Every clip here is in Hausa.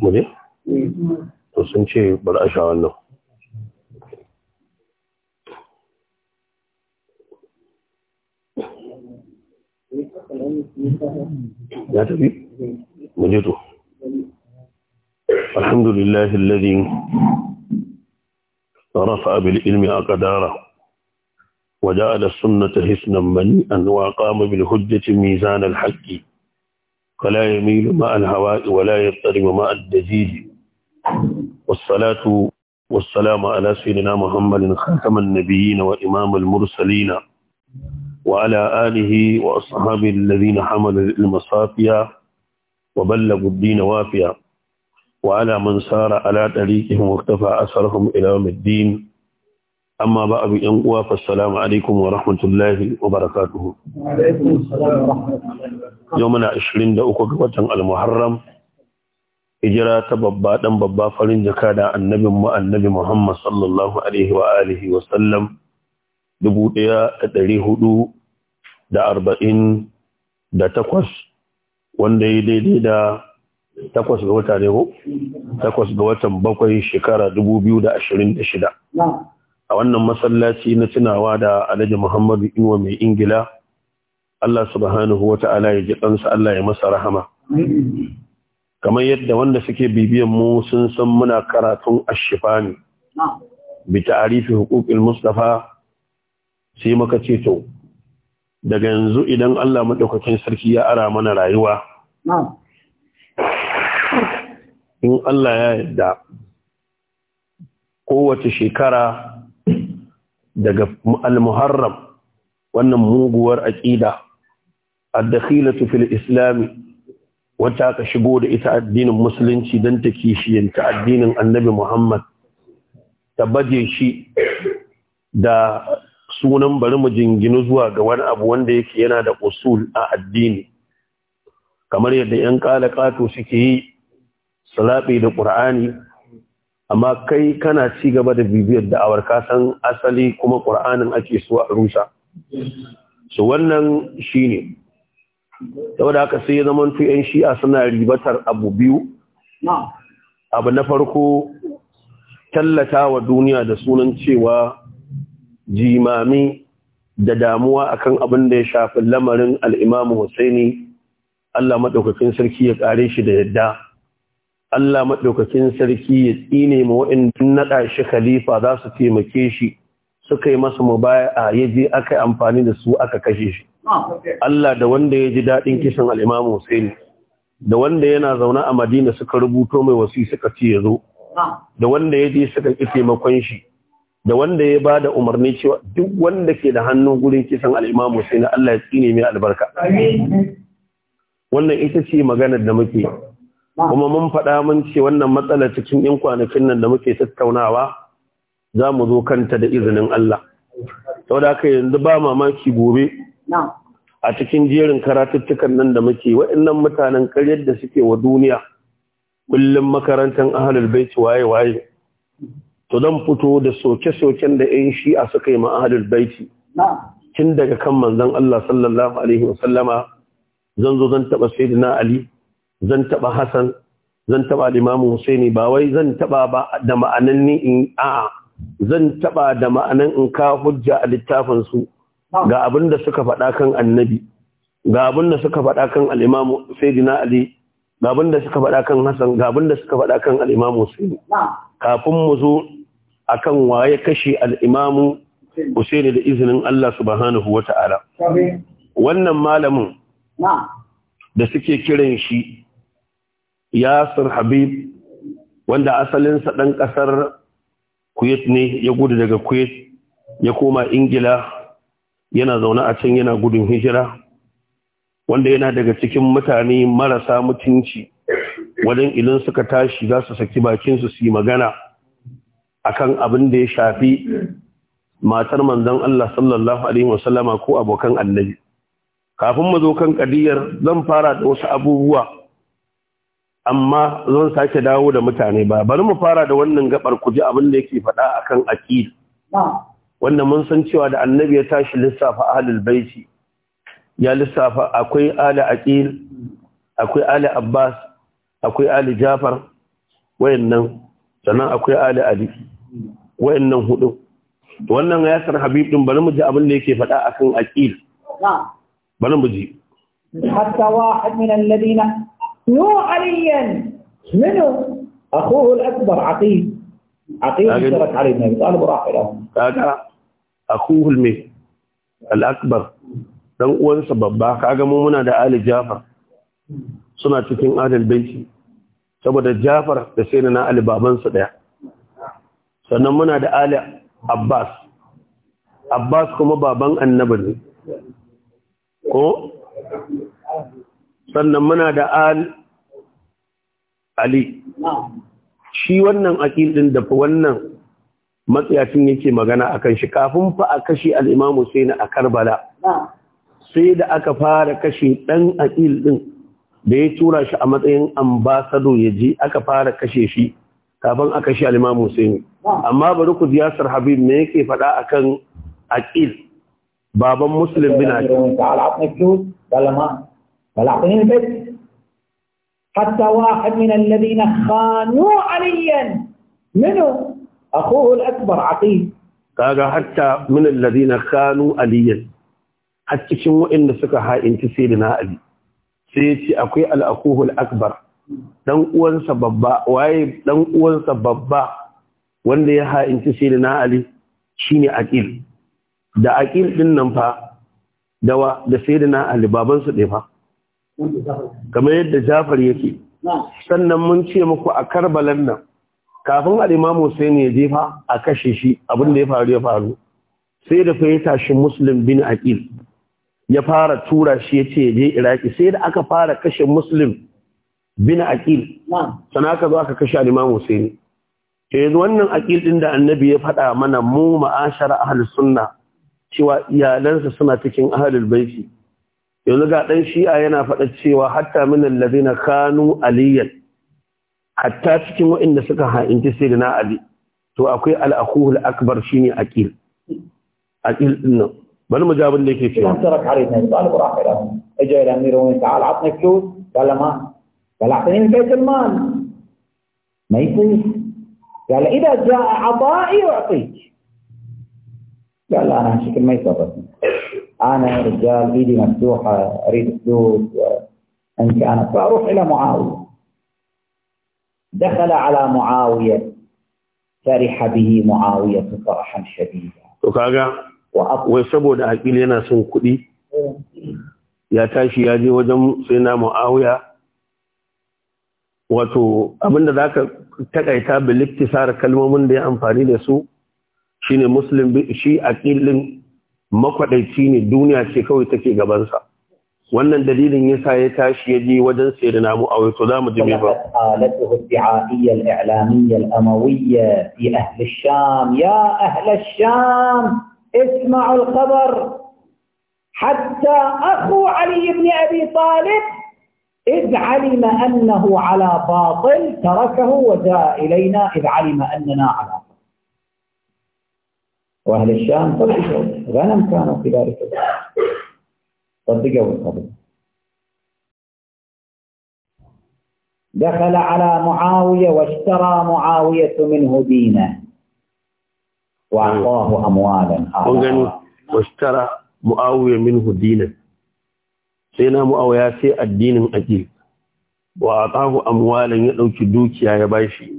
mu ne? to sun ce bari a sha wannan ya tafi? mu to alhamdulillahi lalazin رفع بالعلم أقداره وجعل السنة حسنا منيئا وأقام بالهجة ميزان الحق فلا يميل ماء الهواء ولا يضطرب ماء الدجيج والصلاة والسلام على سيدنا محمد خاتم النبيين وإمام المرسلين وعلى آله وأصحابه الذين حملوا المصافية وبلغوا الدين وافيا وعلى من سار على طريقهم واختفى أثرهم إلى يوم الدين أما بعد ينقوى فالسلام عليكم ورحمة الله وبركاته وعليكم السلام ورحمة الله يومنا عشرين دقوة وطن المحرم hijira ta babba dan babba farin jaka da annabin mu annabi Muhammad sallallahu alaihi wa alihi wa sallam 1448 wanda ya daidai da takwas ga wata ne ko takwas ga watan bakwai shekara dubu biyu da ashirin da shida a wannan masallaci na tunawa da alhaji muhammadu iwa mai ingila Allah subhanahu wa ta'ala ya ji ɗansa Allah ya masa rahama kamar yadda wanda suke bibiyan mu sun san muna karatun ashifa ne bi ta'arifi huquqil mustafa sai muka ce to daga yanzu idan Allah madaukakin sarki ya ara mana rayuwa in Allah ya yadda kowace shekara daga al-muharram wannan muguwar aqida ad-dakhilatu fil islam wata ka shigo da ita addinin musulunci dan ta kishiyanta addinin annabi Muhammad ta baje shi da sunan bari mu jinginu zuwa ga wani abu wanda yake yana da usul a addini kamar yadda 'yan ƙato suke yi salabi da ƙur'ani amma kai kana ci gaba da bibiyar da'awar ka san asali kuma ƙur'anin ake so a rusa so wannan shine saboda haka sai ya zama yan shi'a suna ribatar abu biyu abu na farko tallata wa duniya da sunan cewa jimami da damuwa akan abin da ya shafi lamarin al'imamu Hussaini Allah maɗaukakin sarki ya ƙare shi da yadda Allah maɗaukakin sarki ya tsine ma waɗanda naɗa shi khalifa za su taimake shi suka yi masa mubaya'a a yaje aka yi amfani da su aka kashe shi. Allah da wanda ya ji daɗin kisan al'imamu Hussaini, da wanda yana zaune a Madina suka rubuto mai wasi suka ce ya zo da wanda ya je suka ƙi taimakon shi da wanda ya ba da umarni cewa duk wanda ke da hannun gurin kisan al'imamu na Allah ya tsine mai albarka. Wannan ita ce maganar da muke kuma mun faɗa mun ce wannan matsalar cikin yan kwanakin nan da muke tattaunawa za mu zo kanta da izinin Allah da aka yanzu ba mamaki gobe a cikin jerin karatuttukan nan da muke waɗannan mutanen karyar da suke wa duniya kullum makarantar ahalul baiti waye waye to zan fito da soke-soken da yan shi'a suka yi ma ahalul baiti tun daga kan manzan Allah sallallahu alaihi wasallama zan zo zan taɓa sayyidina Ali zan taɓa Hassan, zan taɓa Imam Husaini ba wai zan taɓa ba da ma'anan ni in a'a zan taɓa da ma'anan in ka hujja a littafin su ga abin da suka faɗa kan annabi ga abin da suka faɗa kan Al-Imam Sayyidina Ali ga abin da suka faɗa kan Hassan ga abin da suka faɗa kan Al-Imam Husaini kafin mu zo akan waye kashe Al-Imam Husaini da izinin Allah subhanahu wataala ta'ala wannan malamin da suke kiran shi yasir habib wanda asalinsa ɗan ƙasar kuwait ne ya gudu daga kuwait ya koma ingila yana zaune a can yana gudun hijira wanda yana daga cikin mutane marasa mutunci wajen idan suka tashi za su saki bakinsu su yi magana akan abin da ya shafi matar manzon Allah sallallahu alaihi wasallama ko abokan annabi kafin mu zo kan kadiyar zan fara da wasu abubuwa amma zan sake dawo da mutane ba bari mu fara da wannan gabar ku ji abin da yake faɗa akan aqid Wannan mun san cewa da annabi ya tashi lissafa ahlul baiti ya lissafa akwai ali aqil akwai ali abbas akwai ali jafar wayannan sannan akwai ali ali wayannan hudu wannan ya san habib din bari mu ji abin da yake faɗa akan aqil bari mu ji hatta wa min alladina نو عليا منه أخوه الأكبر عقيل عقيل اشترك عليه بن أبي طالب وراح له كذا أخوه المي الأكبر dan uwansa babba kaga mu muna da Ali Jafar suna cikin adal baiti saboda Jafar da sai na Ali babansa daya sannan muna da Ali Abbas Abbas kuma baban annabi ko sannan muna da ali shi wannan akil ɗin da wannan matsayacin yake magana akan shi kafin fa a kashi al-imam a Karbala sai da aka fara kashe ɗan akil ɗin da ya tura shi a matsayin ambasado ya je aka fara kashe shi kafin a kashe al-imam amma bari ku ziyasar Habib me yake faɗa akan akil baban Muslim bin Ali فلعطيهم بيت حتى واحد من الذين خانوا عليا منو؟ أخوه الأكبر عقيل قال حتى من الذين خانوا عليا حتى شنو إن سكها انت تسيرنا علي سيتي أقوي على أخوه الأكبر دم أول سببا واي دم أول سببا وليها إن تسيرنا علي شيني أكيل دا أكيل من نمفا دوا لسيدنا علي بابا سليفا kamar yadda Jafar yake sannan mun ce muku a Karbalan nan kafin a imam ya jefa a kashe shi abin da ya faru ya faru sai da fai tashi Muslim bin Aqil ya fara tura shi ya ce je Iraki sai da aka fara kashe Muslim bin Aqil sana aka zo aka kashe al-Imam Hussein eh wannan Aqil din da Annabi ya faɗa mana mu ma'ashar ahlus sunna cewa iyalansa suna cikin ahlul baiti yanzu ga ɗan shi'a yana faɗa cewa hatta min allazina kanu aliyan hatta cikin waɗanda suka ha'inci sayyidina ali to akwai al-akhul akbar shine aqil aqil din bal mujabin da yake cewa tarak alaina talib rahmalahu اجا الى امير وين تعال عطني فلوس قال ما قال اعطيني من بيت المال ما يصير قال اذا جاء عطائي اعطيك قال لا انا شكل ما يصرفني انا رجال ايدي مفتوحه اريد فلوس انت انا فاروح الى معاويه دخل على معاويه فرح به معاويه فرحا شديدا وسبب اكل لنا سن كدي يا تاشي يا جي وجم سينا معاويه wato abin da zaka takaita bil iktisar kalmomin da ya amfani da su shine muslim shi aqilin makwadaici ne duniya ce kawai take gaban sa wannan dalilin yasa ya tashi ya je wajen sayyidina Muawiya to zamu ji me ba alatu ad-da'iyya al-i'lamiyya al fi ahli sham ya ahli sham isma'u al-khabar hatta akhu Ali ibn Abi Talib إذ علم أنه على باطل تركه وجاء إلينا إذ علم أننا على باطل وأهل الشام صدقوا غنم كانوا في ذلك صدقوا القبر دخل على معاوية واشترى معاوية منه دينه وأعطاه أموالا واشترى معاوية منه دينه سينا معاوية سيء الدين أجيب وأعطاه أموالا يدوك يا يباشي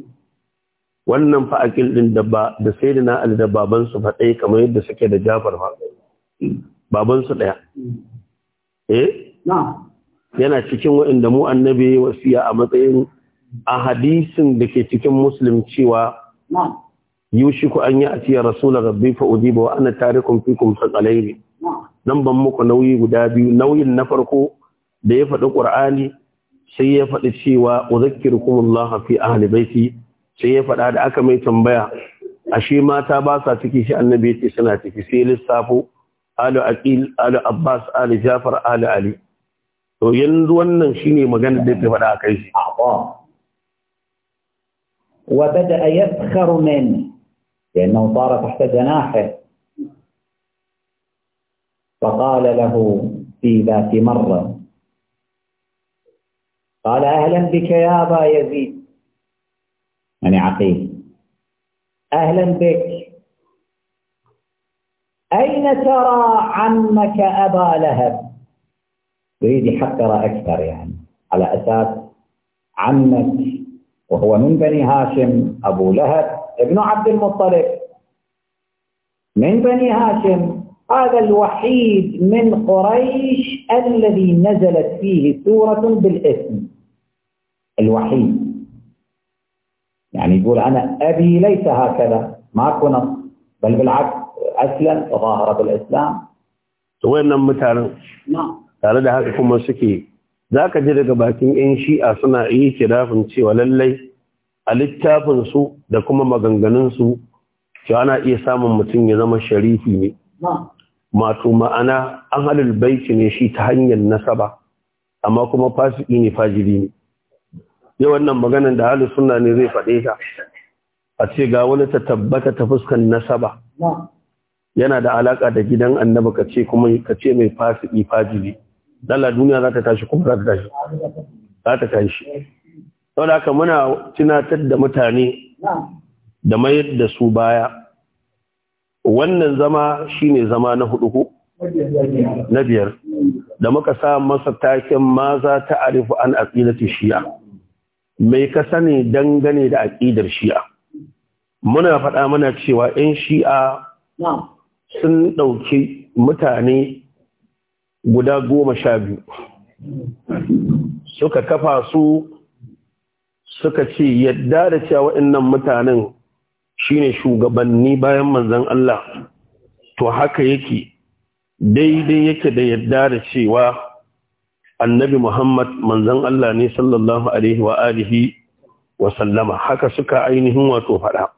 wannan fa ɗin da ba da sai da baban su babansu faɗai kamar yadda suke da jafar babansu ɗaya eh yana cikin waɗanda mu annabi wasiya a matsayin a hadisin da ke cikin muslim cewa na yushiku an yi a ciyar rasular rabbi fa’udi ba wa ana tarikun fikun sakalaini nan ban muku nauyi guda biyu nauyin na farko da ya faɗi ƙur'ani sai ya faɗi cewa uzakkirukum Allah fi ahli baiti sai ya faɗa da aka mai tambaya ashe mata ba sa ciki shi annabi ya ce suna ciki sai lissafo alu aqil alu abbas alu jafar alu ali to yanzu wannan shine magana da ta faɗa a kai shi wa وبدأ يسخر منه لأنه طار تحت جناحه فقال له في ذات مرة قال أهلا بك يا أبا يزيد أنا يعني عقيل أهلا بك أين ترى عمك أبا لهب يريد يحقر أكثر يعني على أساس عمك وهو من بني هاشم أبو لهب ابن عبد المطلب من بني هاشم هذا الوحيد من قريش الذي نزلت فيه سورة بالاسم الوحيد يعني يقول أنا أبي ليس هكذا ما كنت بل بالعكس أسلم تظاهر بالإسلام wayannan mutanen tare da haka kuma suke za ka ji daga bakin 'yan shi'a suna yi kirafin cewa lallai a littafin su, da kuma maganganunsu cewa ana iya samun mutum ya zama sharifi ne mato ma'ana an halil ne shi ta hanyar nasaba amma kuma Fasiƙi ne fajiri ne yau wannan maganan da halin suna ne zai faɗe ta a ce ga wani ta tabbata ta fuskan nasaba yana da alaƙa da gidan annaba ka ce kuma ka ce mai fasiki fajiri lalla duniya za ta tashi kuma za ta tashi za ta tashi da haka muna tunatar da mutane da mayar da su baya wannan zama shine zama na hudu ko na biyar da muka sa masa taken ma za ta arifu an aqidati shi'a mai ka sani dangane da aƙidar shi'a muna faɗa mana cewa 'yan shi'a sun ɗauki mutane guda goma sha biyu suka kafa su suka ce yadda da cewa waɗannan mutanen shine shugabanni bayan manzon Allah to haka yake daidai yake da yadda da cewa annabi Muhammad manzon Allah ne sallallahu alaihi wa alihi wa sallama haka suka ainihin wato faɗa.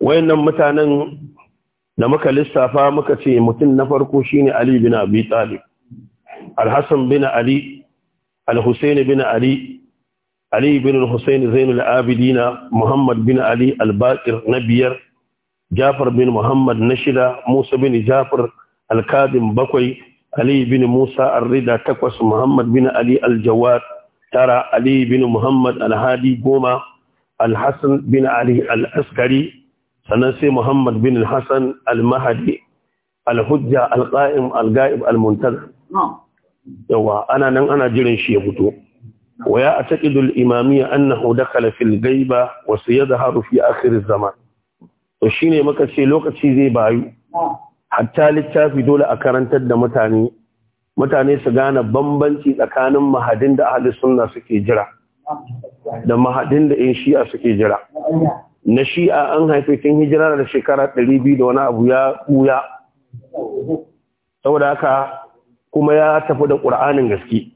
Wayannan mutanen da muka lissafa muka ce mutum na farko shine Ali bin Abi Talib, al bin Ali, Al-Husayn bin Ali, Ali bin Husayn Zainul Abidina, Muhammad bin Ali Al-Baqir na biyar, Jafar bin Muhammad na shida, Musa bin Jafar Al-Kadim bakwai, Aliyu bin Musa Arrida takwas Muhammad bin Ali Al-Jawad tara Aliyu bin Muhammad Al-Hadi goma Al-Hassan bin Ali Al-Askari sannan sai Muhammad bin Al-Hassan Al-Mahdi Al-Hujja Al-Qa'im Al-Ga'ib Al-Muntazir yawa ana nan ana jiran shi ya fito waya ataqidul imamiya annahu dakala fil ghaiba wa sayadharu fi akhir to shine muka ce lokaci zai bayu hatta littafi dole a karantar da mutane mutane su gane bambanci tsakanin mahadin da ahli sunna suke jira da mahadin da in shi'a suke jira na shi'a an haife tun hijira da shekara 200 da wani abu ya kuya saboda haka kuma ya tafi da ƙur'anin gaske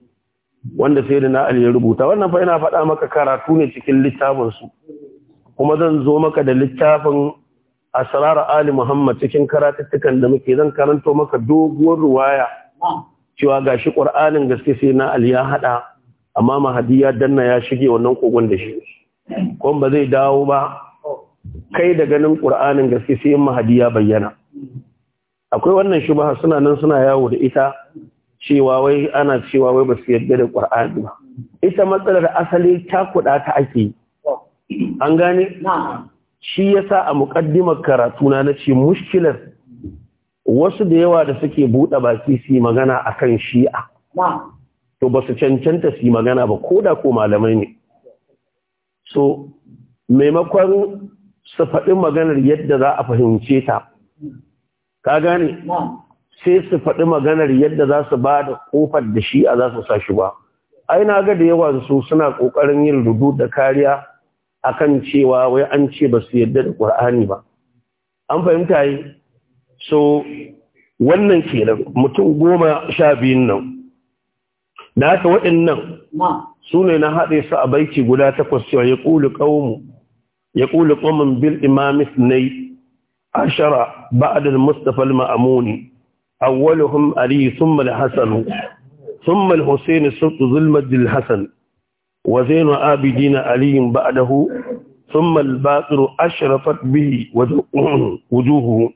wanda sai da na ya rubuta wannan fa ina faɗa maka karatu ne cikin littafinsu kuma zan zo maka da littafin asrar ali muhammad cikin karatattukan da muke zan karanto maka doguwar ruwaya cewa gashi qur'anin gaske sai na ali ya haɗa, amma mahadi ya danna ya shige wannan kogon da shi kon ba zai dawo ba kai da ganin qur'anin gaske sai mahadi ya bayyana akwai wannan shubha suna nan suna yawo da ita cewa wai ana cewa wai ba su yarda da qur'ani ba ita matsalar asali ta kuɗa ta ake an gane shi ya sa a muƙaddimar karatuna na ce mushkilar wasu da yawa da suke buɗe baki su yi magana a kan shi'a to ba su cancanta su yi magana ba ko da ko malamai ne so maimakon su faɗi maganar yadda za a fahimce ta ka gane sai su faɗi maganar yadda za su ba da ƙofar da shi'a za su sa shi ba ai na ga da yawa su suna ƙoƙarin yin rudu da kariya akan cewa wai an ce ba su yarda da ƙur'ani ba an fahimta yi so wannan kenan mutum goma sha biyun nan da haka waɗannan su ne na haɗe su a baiki guda takwas cewa ya ƙulu ƙaunmu ya ƙwamin bil imamis ne ashara ba'adar mustapha al-ma'amuni awwaluhum ali thumma al-hasan thumma al-husayn sultu zulmad al وزين عابدين علي بعده ثم الباقر أشرفت به وجوهه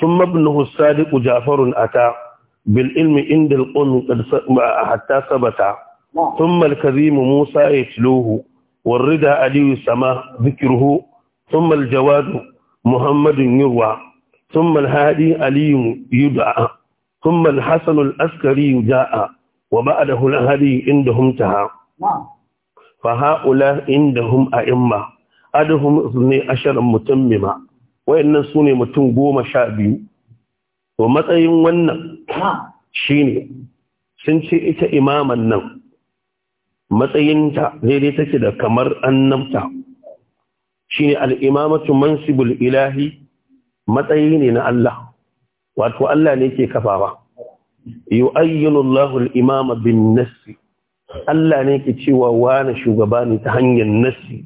ثم ابنه الصادق جعفر أتى بالعلم عند القوم حتى ثبت ثم الكريم موسى يتلوه والردى علي السماء ذكره ثم الجواد محمد يروى ثم الهادي علي يدعى ثم الحسن الأسكري جاء وبعده الهادي عندهم تهى fa haula indahum a'imma adahum sunni ashar mutammima wayannan ne mutum goma sha biyu to matsayin wannan ne. sun ce ita imaman nan matsayinta daidai take da kamar annabta shi al-imamatu mansibul ilahi matsayi ne na Allah wato Allah ne ke kafawa yu'ayyinu Allahu al-imama bin nassi Allah ne ke cewa wani shugaba ne ta hanyar nasi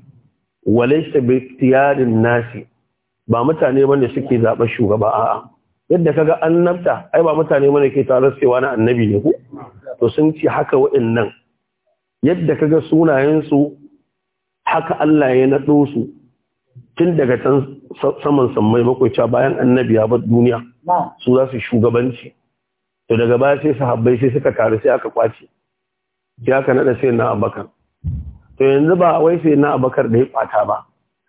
walaisa bai tiyarin nasi ba mutane wanda suke zaɓa shugaba a'a yadda kaga annabta ai ba mutane wanda ke tarar cewa na annabi ne ku to sun ce haka nan, yadda kaga sunayensu haka Allah ya naɗo su tun daga can saman sammai bakwai bayan annabi ya bar duniya su za su shugabanci to daga baya sai sahabbai sai suka taru sai aka kwace ya ka naɗa sai na abakar to yanzu ba wai sai na abakar da ya ɓata ba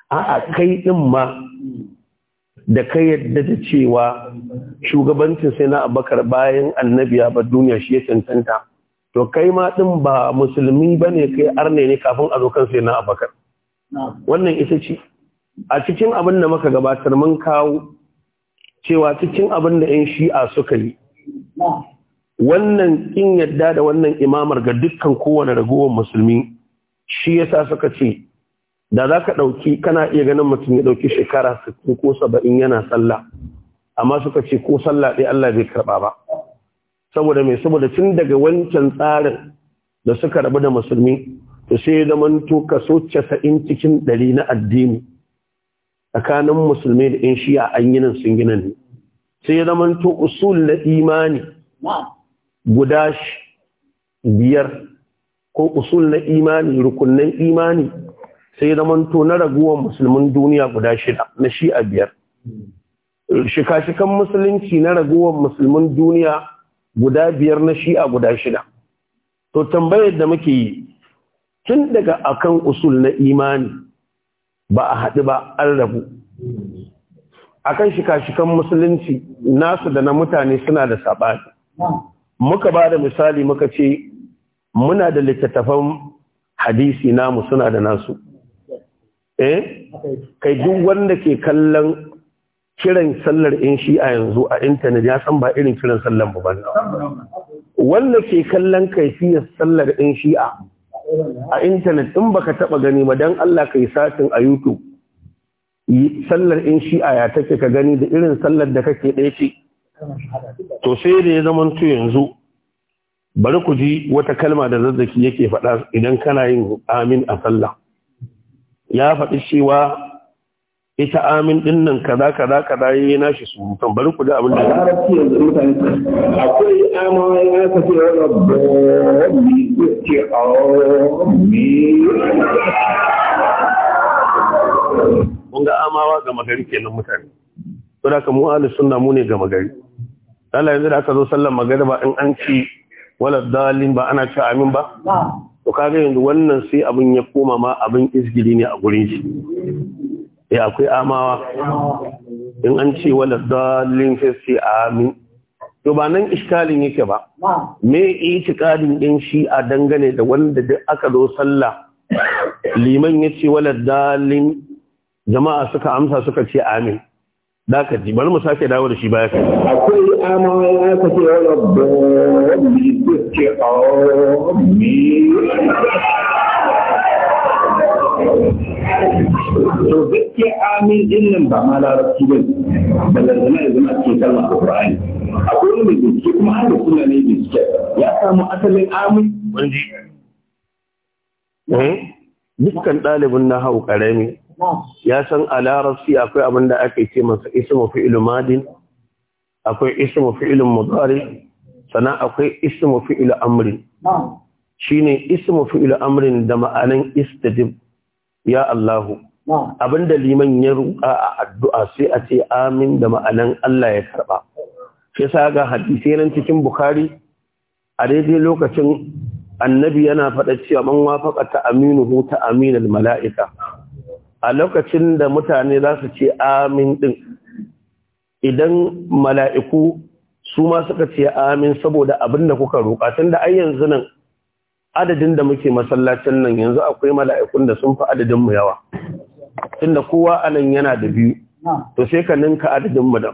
a'a kai ɗin ma da ka yadda da cewa shugabancin sai na abakar bayan annabi ya bar duniya shi ya cancanta to kai ma ɗin ba musulmi ba ne kai arne ne kafin a zo kan sai na abakar wannan ita ce a cikin abin da muka gabatar mun kawo cewa cikin abin da 'yan shi'a suka yi wannan kin yadda da wannan imamar ga dukkan kowane ragowar musulmi shi yasa suka ce da za ka ɗauki kana iya ganin mutum ya ɗauki shekara 60 ko saba'in yana sallah amma suka ce ko sallah ɗaya Allah bai karɓa ba saboda mai saboda tun daga wancan tsarin da suka rabu da musulmi to sai ya zama to kaso casa'in cikin ɗari na addini tsakanin musulmi da yan a an yi nan sun gina ne sai ya zama to usul na imani guda biyar ko usul na imani rukunnan imani sai zamanto na raguwan musulmin duniya guda shida na shi biyar shika-shikan musulunci na raguwan musulmin duniya guda biyar na shi'a guda shida to tambayar da muke yi tun daga akan usul na imani ba a haɗu ba an rabu akan shika-shikan musulunci nasu da na mutane suna da saɓani muka ba da misali muka ce muna da littattafan hadisi namu suna da nasu eh kai duk wanda ke kallon kiran sallar in shi a yanzu a intanet ya san ba irin kiran sallar ba ne wanda ke kallon kaifiyar sallar in shi'a a intanet in baka taba gani ba dan Allah kai satin a YouTube sallar in shi'a ya take ka gani da irin sallar da kake ɗaya ce to sai da ya zama to yanzu bari ku ji wata kalma da zazzaki yake faɗa idan kana yin amin a sallah ya faɗi cewa ita amin din nan kaza kaza kaza yayi nashi surutan bari ku ji abin da yanzu mutane akwai amma ya kace rabbi ce rabbi mun ga amawa ga magari kenan mutane saboda kamar ahlus suna mu ne ga magari Allah yanzu da aka zo sallar magariba in an ci wala dalin ba ana ci amin ba to kaga yanzu wannan sai abin ya koma ma abin isgiri ne a gurin shi eh akwai amawa in an ci wala dalin sai sai amin to ba nan iskalin yake ba me itikadin din shi a dangane da wanda duk aka zo sallah liman yace wala dalin jama'a suka amsa suka ce amin ji bari mu sake dawo da shi baya kai akwai amawa ya kace ya oh, rabbi rabbi kuke rabbi to gaske amin din ba ma larabci ba ballan zama ya zama cikin kalmar qur'ani akwai wani bincike kuma har da suna ne bincike ya samu asalin amin wanji eh dukkan dalibin na hau karami ya san a larabci akwai abin da aka ce masa ismu fi'lu madin akwai ismu fi'lu mudari sannan akwai ismu fi'lu amrin shine ismu fi'lu amrin da ma'anan istajib ya Allahu abinda liman ya ruka a addu'a sai a ce amin da ma'anan Allah ya karba shi sa ga hadisi nan cikin bukhari a daidai lokacin annabi yana faɗa cewa man wafaka ta hu ta aminal mala'ika a lokacin da mutane za su ce amin din idan mala'iku su ma suka ce amin saboda abin da kuka roƙa tun da ai yanzu nan adadin da muke masallacin nan yanzu akwai mala'ikun da sun fi adadin mu yawa tun da kowa anan yana da biyu to sai ka ninka adadin mu da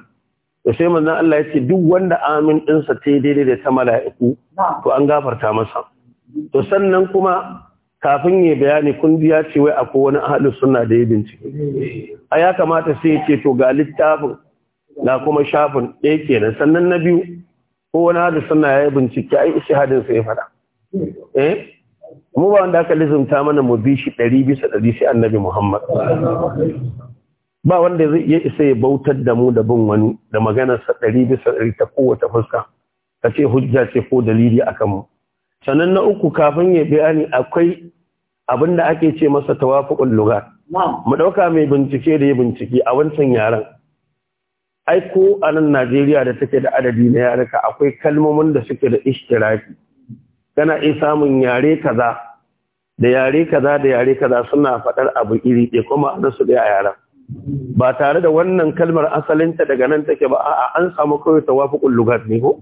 to sai manzan Allah ya ce duk wanda amin ɗinsa ta daidai da ta mala'iku to an gafarta masa to sannan kuma kafin yi bayani kun ji ya ce wai akwai wani ahalin suna da ya bincike a ya kamata sai ya ce to ga littafin na kuma shafin ɗaya kenan sannan na biyu ko wani ahalin suna ya yi bincike ai hadin sai ya faɗa eh mu ba wanda aka lizumta mana mu bi shi ɗari bisa ɗari sai annabi muhammad ba wanda zai iya isa ya bautar da mu da bin wani da maganarsa ɗari bisa ɗari ta kowace fuska ka ce hujja ce ko dalili a kanmu sannan na uku kafin ya bayani akwai Abin da ake ce masa tawafukun lugar mu ɗauka mai bincike da ya bincike a wancan yaren ai ko a nan Najeriya da take da adadi na yaruka akwai kalmomin da suke da ishtiraki kana iya samun yare kaza da yare kaza da yare kaza suna faɗar abu iri ɗaya kuma an su ɗaya a yaren ba tare da wannan kalmar asalinta daga nan take ba a'a an samu kawai tawafukun lugar ne ko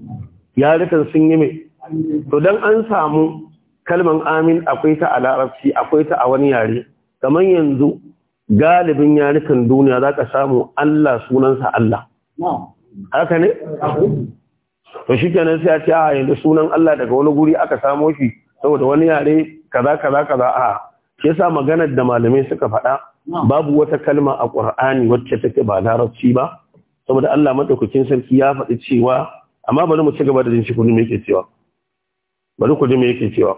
yarukan sun yi mai. to don an samu kalman amin akwai ta a larabci akwai ta a wani yare kamar yanzu galibin yarukan duniya za ka samu Allah sunansa Allah haka ne? to shi kenan sai a ce a yanzu sunan Allah daga wani guri aka samo shi saboda wani yare kaza kaza kaza a shi yasa maganar da malamai suka faɗa babu wata kalma a Qur'ani wacce take ba larabci ba saboda Allah madaukakin sarki ya faɗi cewa amma bari mu ci gaba da jin shi kullum yake cewa bari ku ji me yake cewa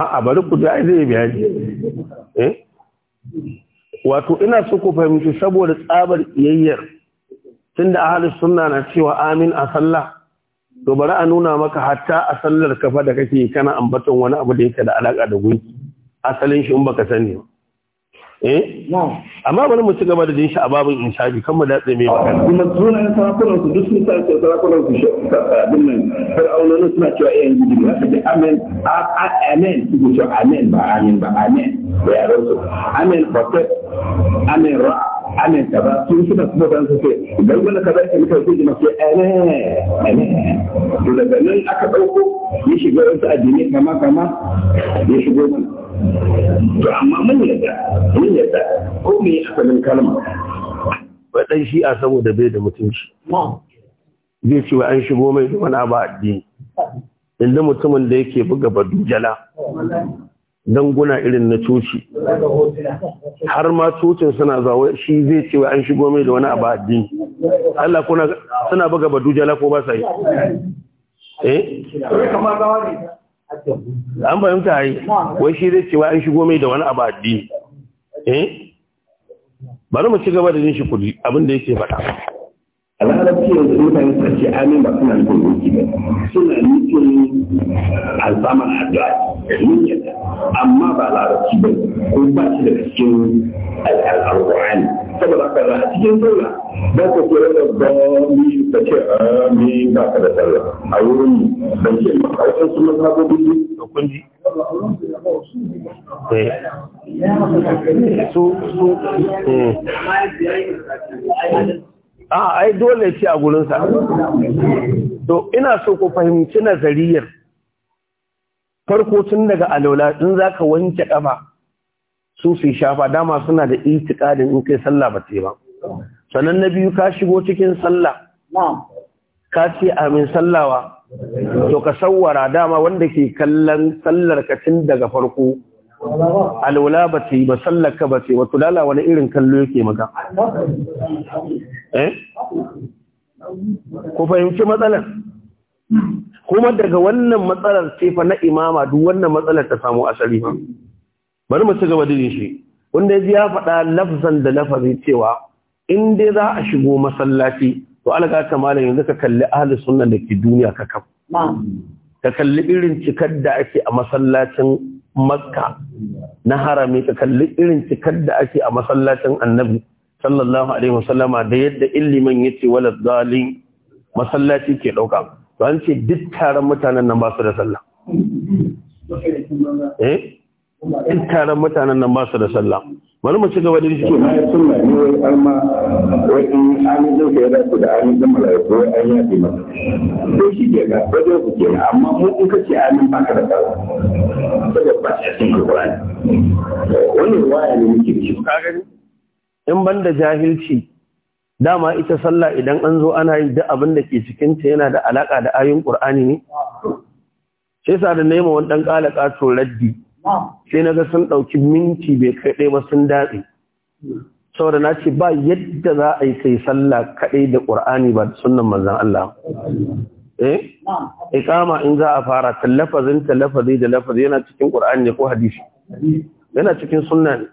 a'a bari ku ai zai ji eh wato ina so ku fahimci saboda tsabar iyayyar tunda ahli sunna na cewa amin a sallah to bari a nuna maka hatta a sallar kafa da kake kana ambaton wani abu da yake da alaka da gunki asalin shi in baka sani ba eh amma bari mu ci gaba da jin shi a babin inshabi kan mu datse mai magana kuma sunan sarakunan su duk sun sa ce sarakunan su abin nan ne suna cewa eh yanzu sai amen a a amen su ce amen ba amen ba amen ya yaran amen ba prophet amen ra amen ta ba sun suna kuma dan su ce idan wani kaza ke muka yi jima ce amen amen to daga nan aka dauko ya shiga wasu addini kama kama ya shigo mana to amma mun yadda mun yadda ko me asalin kalma wadan shi a saboda bai da mutunci zai ce wa an shigo mai da wani abu addini inda mutumin da yake buga badujala danguna irin na coci har ma cocin suna zawo shi zai ce wa an shigo mai da wani abu addini Allah kuna suna buga badujala ko ba sa yi eh an fahimta yi wai shi zai cewa an shigo mai da wani abu addini eh bari mu ci gaba da jin shi kudi abin da yake faɗa a larabci yanzu mutane su ce amin ba suna nufin gunki ba suna nufin alfamar addu'a ma amma ba larabci ba ko ba shi daga cikin saboda a cikin ba ka kira da ka ce amin ah, ba ka da a wurin ban ma da a eh. hmm. ah, ai dole ce ina so ku fahimci nazariyar farko tun daga alola in za ka wanke kafa su su shafa dama suna da itikadin in kai sallah ba ta ba sannan na biyu ka shigo cikin sallah ka ce amin sallawa to ka sawara dama wanda ke kallon sallar ka tun daga farko alwala ba ta yi ba sallar ka ba ta yi ba tulala wani irin kallo yake maka eh ku fahimci matsalar kuma daga wannan matsalar tefa na imama duk wannan matsalar ta samu asali ba bari mu ci gaba da shi wanda ya faɗa lafzan da lafazi cewa in dai za a shigo masallaci to alaga ta malam yanzu ka kalli ahli sunna da ke duniya ka kaf ka kalli irin cikar da ake a masallacin makka na harami ka kalli irin cikar da ake a masallacin annabi sallallahu alaihi wasallama da yadda illiman yace wala zalim masallaci ke dauka to an ce duk taron mutanen nan ba su da sallah eh duk taron mutanen nan ba su da sallah bari mu ci gaba da shi na ya sunna ne wai har ma wai in an zo ka da ku da an zama da ko an ya bi maka shi ke ga wajen ku ke amma mu in ka ce amin ba ka da ba saboda ba shi cikin wannan waya ne muke da shi ka gani in banda jahilci dama ita sallah idan an zo ana yi duk abin da ke cikinta yana da alaƙa da ayin ƙur'ani ne? Sai sa da nema wani ɗan ƙala to raddi, sai na ga sun ɗauki minti bai kai ɗaya ba sun datse. Saboda na ce ba yadda za a yi kai sallah kaɗai da ƙur'ani ba da sunan manzan Allah. Eh? ikama in za a fara tallafazin tallafazi da lafazi yana cikin ƙur'ani ne ko hadisi. Yana cikin sunna ne.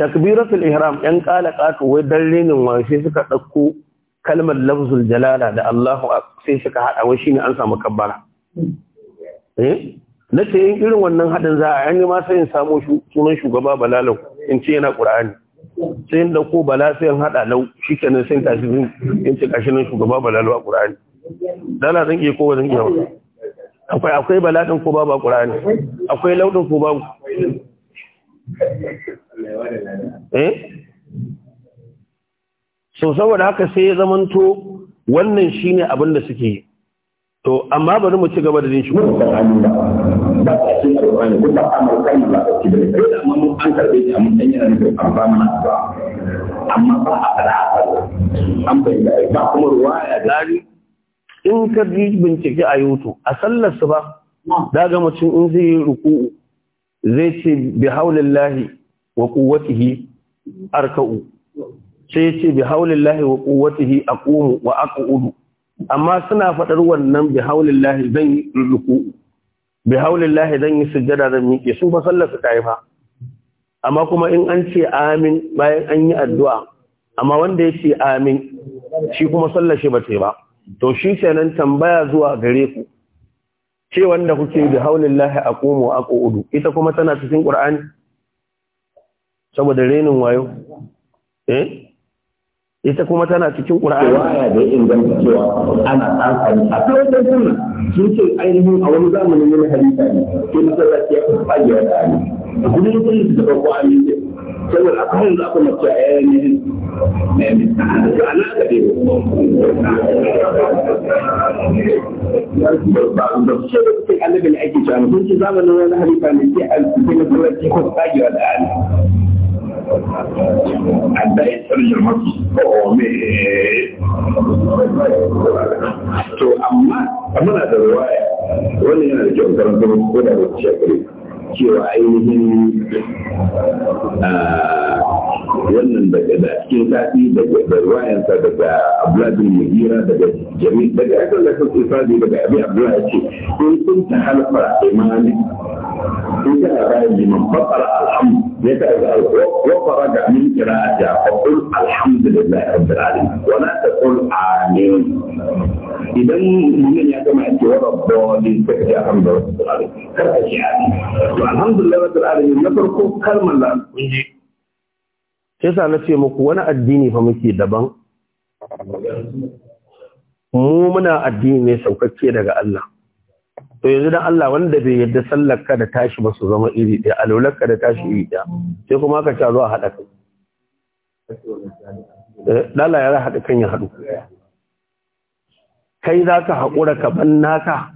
takbiratul ihram yan kala kaka wai dan renin washe suka dauko kalmar lafzul jalala da Allahu sai suka hada wai shine an samu kabbara eh ce in irin wannan hadin za a yi ma sai in samu sunan shugaba balalo in ce yana qur'ani sai in dauko bala sai in hada lau shikenan sai tashi in ce kashi nan shugaba balalo a qur'ani dala zan iya ko zan iya akwai akwai bala din ko babu qur'ani akwai laudin ko babu eh so saboda haka sai ya zamanto wannan shine abin da suke yi to amma bari mu ci gaba da jin shi in ka bincike a YouTube a sallar ba daga mutum in zai yi ruku'u zai ce bi haulillahi wa quwwatihi arka'u sai ce bi haulillahi wa quwwatihi aqumu wa aqudu amma suna fadar wannan bi haulillahi zan yi ruku bi haulillahi zan yi sujjada zan miƙe su fa sallar su kai fa amma kuma in an ce amin bayan an yi addu'a amma wanda ya ce amin shi kuma sallar shi ba ce ba to shi kenan tambaya zuwa gare ku ce wanda kuke bi a komo a ƙo'udu ita kuma tana cikin qur'ani saboda renin wayo eh ita kuma tana cikin Qur'ani waya da ganta cewa ana tsankani a kawai da sun ce ainihin a wani zamanin ne na hadisi ne sai da ya fara da ani kuma su da ko ani saboda akwai yanzu aka mace a yanayin ba su ce da cikin annabin ake cewa sun ce zamanin wani halifa ne sai a cikin masallaci ko tsagewa da ali حتى يتفرج المصر تو اما اما هذا الروايه وانا هنا الجو ترى تقول هذا الشيء cewa ainihin wannan daga cikin sati daga ruwayansa daga abdullahi mugira daga Jami, daga akan da kan daga abin abdullahi ce in sun ta halfa imani in da bayan liman fasar alhamdu ya ta ga da min ta faqul alhamdulillahi rabbil alamin wa ta taqul amin idan liman ya gama yake wa rabbani sai ka alhamdu rabbil kar na farko kalmar da na ce muku addini fa muke daban mu muna addini ne saukakke daga Allah to yanzu dan Allah wanda bai yadda sallar ka da tashi ba su zama iri ɗaya alolar ka da tashi iri ɗaya sai kuma ka ta zuwa a haɗa kai eh, Allah ya haɗa kan ya haɗu kai za ka haƙura ka ban naka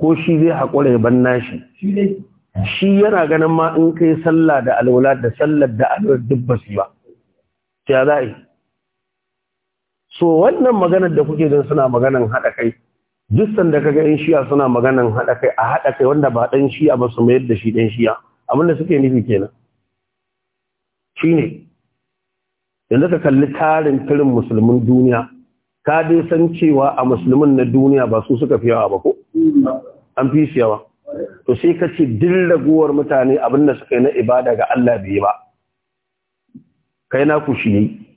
ko shi zai haƙura ya ban nashi shi yana ganin ma in kai sallah da alwala da sallar da alwala duk ba su ba ya za yi so wannan maganar da kuke don suna maganar haɗa kai duk sanda kaga yan shiya suna maganan haɗa kai a haɗa kai wanda ba ɗan shiya ba su mayar da shi ɗan shi'a da suke nufi kenan shine yanzu ka kalli tarin firin musulmin duniya ka dai san cewa a musulmin na duniya ba su suka fi yawa ba ko an fi su yawa to sai ka ce duk raguwar mutane abin da suka yi na ibada ga Allah bai ba kai na ku shi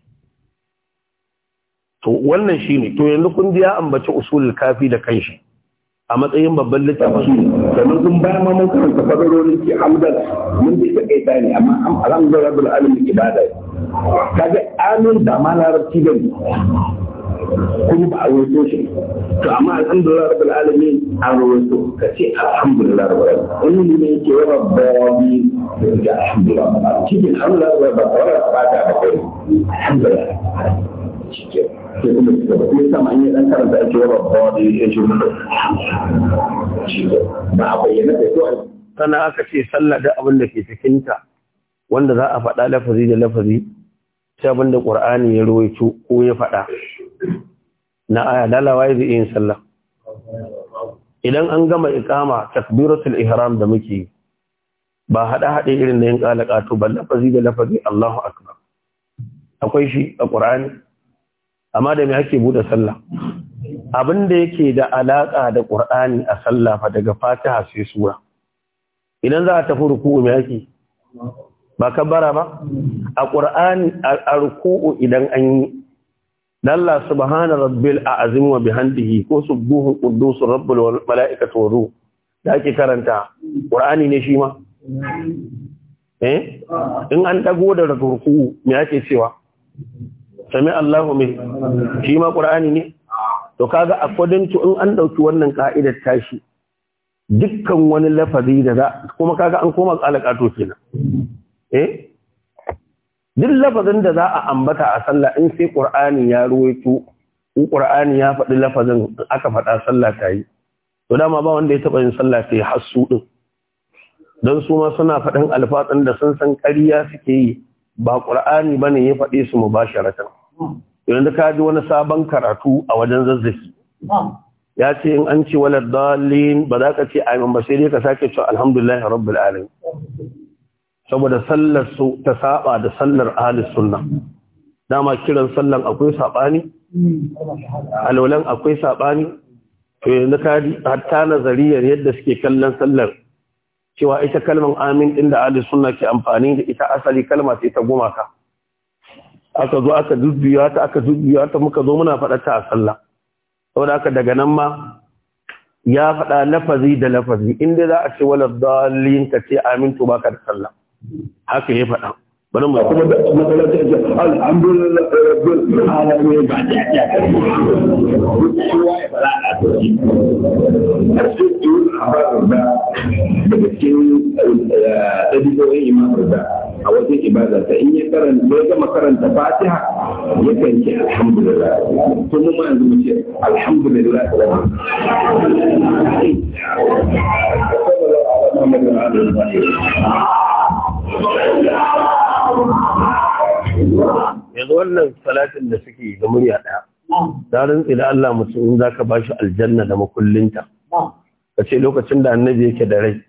to wannan shine to yanzu kun ji ya ambaci usulul kafi da kanshi a matsayin babban littafi sannan kun bayan ma mun karanta fadarorin ki amdan mun bi ta kaita ne amma am alhamdulillah rabbil alamin ibada kaga amin da ma larabci da kuma ba a shi to amma alhamdulillah rabbil alamin an rawaito ka ce alhamdulillah rabbil alamin ne yake yawa bawabi da alhamdulillah shi alhamdulillah ba ba ba ta ba alhamdulillah shi sai kuma aka ce sallah da abin da ke cikinta wanda za a faɗa lafazi da lafazi sai abin da qur'ani ya rawaito ko ya faɗa na aya lalawa ya yin sallah idan an gama iƙama takbiratul ihram da muke ba hada haɗe irin da yin kalaka to ba lafazi da lafazi Allahu akbar akwai shi a qur'ani amma da me ake buɗe sallah abinda yake da alaƙa da ƙur'ani a sallah fa daga fatiha sai sura idan za a tafi ruku'u me ake ba kabbara ba a ƙur'ani a ruku'u idan an yi lalla subhana rabbil a'azim wa bihamdihi ko subuhu quddus rabbul malaikatu wa ruh da ake karanta qur'ani ne shi ma eh in an dago da ruku'u me ake cewa sami Allahu mai shi ma ƙura'ani ne to kaga a in an ɗauki wannan ka'idar tashi dukkan wani lafazi da za kuma kaga an koma alaƙato kenan eh duk lafazin da za a ambata a sallah in sai ƙur'ani ya ruwaito in ƙur'ani ya faɗi lafazin aka faɗa sallah ta yi to dama ba wanda ya taɓa yin sallah yi hassu ɗin don su ma suna faɗin alfatsan da sun san ƙarya suke yi ba ƙur'ani ba ne ya faɗe su mu ba sharatan yanzu ka ji wani sabon karatu a wajen zazzaki ya ce in an ce wala dalin ba za ka ce amin ba sai dai ka sake cewa alhamdulillah rabbil alamin saboda sallar su ta saba da sallar ahli sunna dama kiran sallan akwai sabani alolan akwai sabani to yanzu ka ji hatta nazariyar yadda suke kallon sallar cewa ita kalmar amin din da ahli sunna ke amfani da ita asali kalma sai ta goma ka. aka zo aka zuzzuya ta aka zuzzuya ta muka zo muna faɗa ta a sallah saboda haka daga nan ma ya faɗa lafazi da lafazi inda za a ce wala ka ce amin to baka da sallah haka ya faɗa bari mu kuma da matsalar ta ce alhamdulillah rabbil alamin ba da ya kowa ya a cikin da cikin ɗabi'o'in imamar da a wajen ibada ta in ya karanta ya gama karanta fatiha ya kan ce alhamdulillah to mu ma yanzu mu ce alhamdulillah yanzu wannan salatin da suke da murya ɗaya da rantsi da Allah mutum in za ka ba shi aljanna da makullinta ka ce lokacin da annabi yake da rai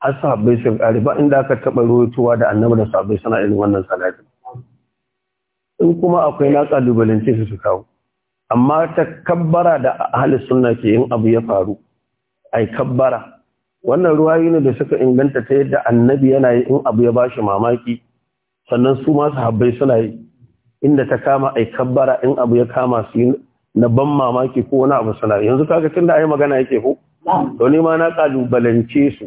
har sun ƙari ba inda aka taba ruwaitowa da annabi da sahabbai suna irin wannan salati in kuma akwai na kalubalance su kawo amma ta kabbara da ahli sunna ke yin abu ya faru ai kabbara wannan ruwayi ne da suka inganta ta yadda annabi yana yi in abu ya bashi mamaki sannan su ma sahabbai suna yi inda ta kama ai kabbara in abu ya kama su na ban mamaki ko wani abu suna yanzu kaga tunda ai magana yake ko to ni ma na kalubalance su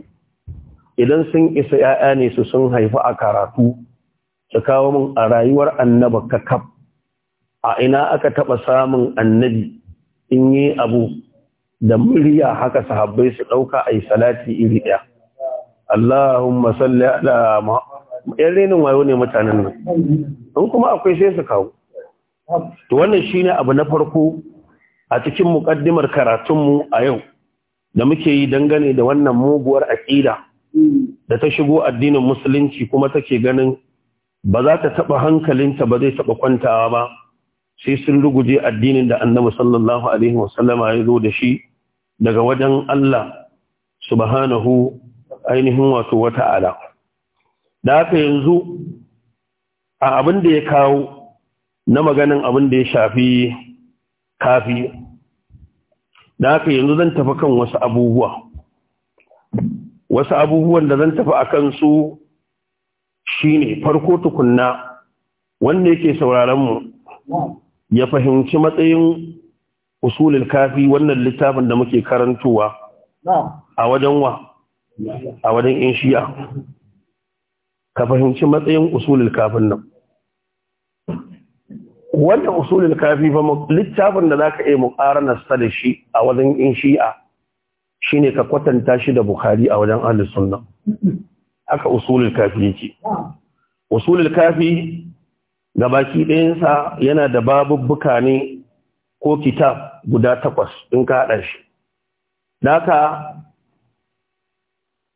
idan sun isa ‘ya'ya ne su sun haifi a karatu su kawo min a rayuwar annaba kakaf a ina aka taɓa samun annabi in yi abu da murya haka sahabbai su ɗauka a yi salati iri ɗaya. Allahumma salli ala ‘yan renin wayo ne mutanen nan, in kuma akwai sai su kawo. To wannan shi ne abu na farko a cikin muƙaddimar karatunmu a yau da muke yi dangane da wannan muguwar aƙida. da ta shigo addinin musulunci kuma take ganin ba za ta taba hankalinta ba zai taba kwantawa ba sai sun ruguje addinin da annabi sallallahu alaihi wasallama ya zo da shi daga wajen Allah subhanahu ainihin wato wata'ala da haka yanzu a abin da ya kawo na maganin abin da ya shafi kafi da haka yanzu zan tafi kan wasu abubuwa wasu abubuwan da zan tafi a kansu shine farko tukunna wanda yake sauraronmu ya fahimci matsayin usulul kafi wannan littafin da muke karantowa a wajen wa a wajen in shi'a ka fahimci matsayin usulul kafin nan wannan usulul kafi fa littafin da zaka iya muqaranar sa da shi a wajen in shi'a Shi ne ka kwatanta shi da bukhari a wajen ahlus sunna haka usulul kafi yake usulul kafi ga baki ɗayansa yana da babubbuka ne ko kitab guda takwas in ka haɗa shi daka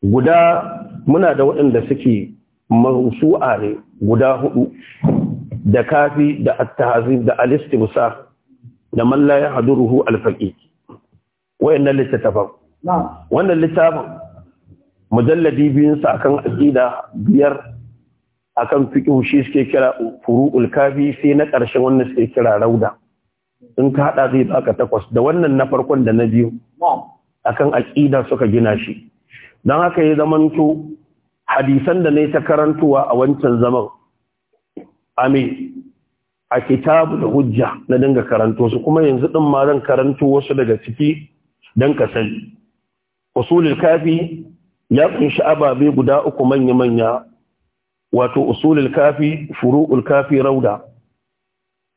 guda muna da waɗanda suke mausu'a ne guda hudu da kafi da attahazib da alistibsa da man la yahduruhu alfaqih wayannan littattafai. wannan littafin mujalladi biyun sa akan aqida biyar akan fiqh shi suke kira furu'ul kafi sai na ƙarshen wannan suke kira rauda in ka hada zai baka takwas da wannan na farkon da na biyu akan aqida suka gina shi dan haka ya to hadisan da ne ta karantuwa a wancan zaman ame a kitabu da hujja na dinga karanto su kuma yanzu din ma zan karanto wasu daga ciki dan ka sani usulul kafi ya kunshi ababe guda uku manya-manya wato usulul kafi furu'ul kafi rauda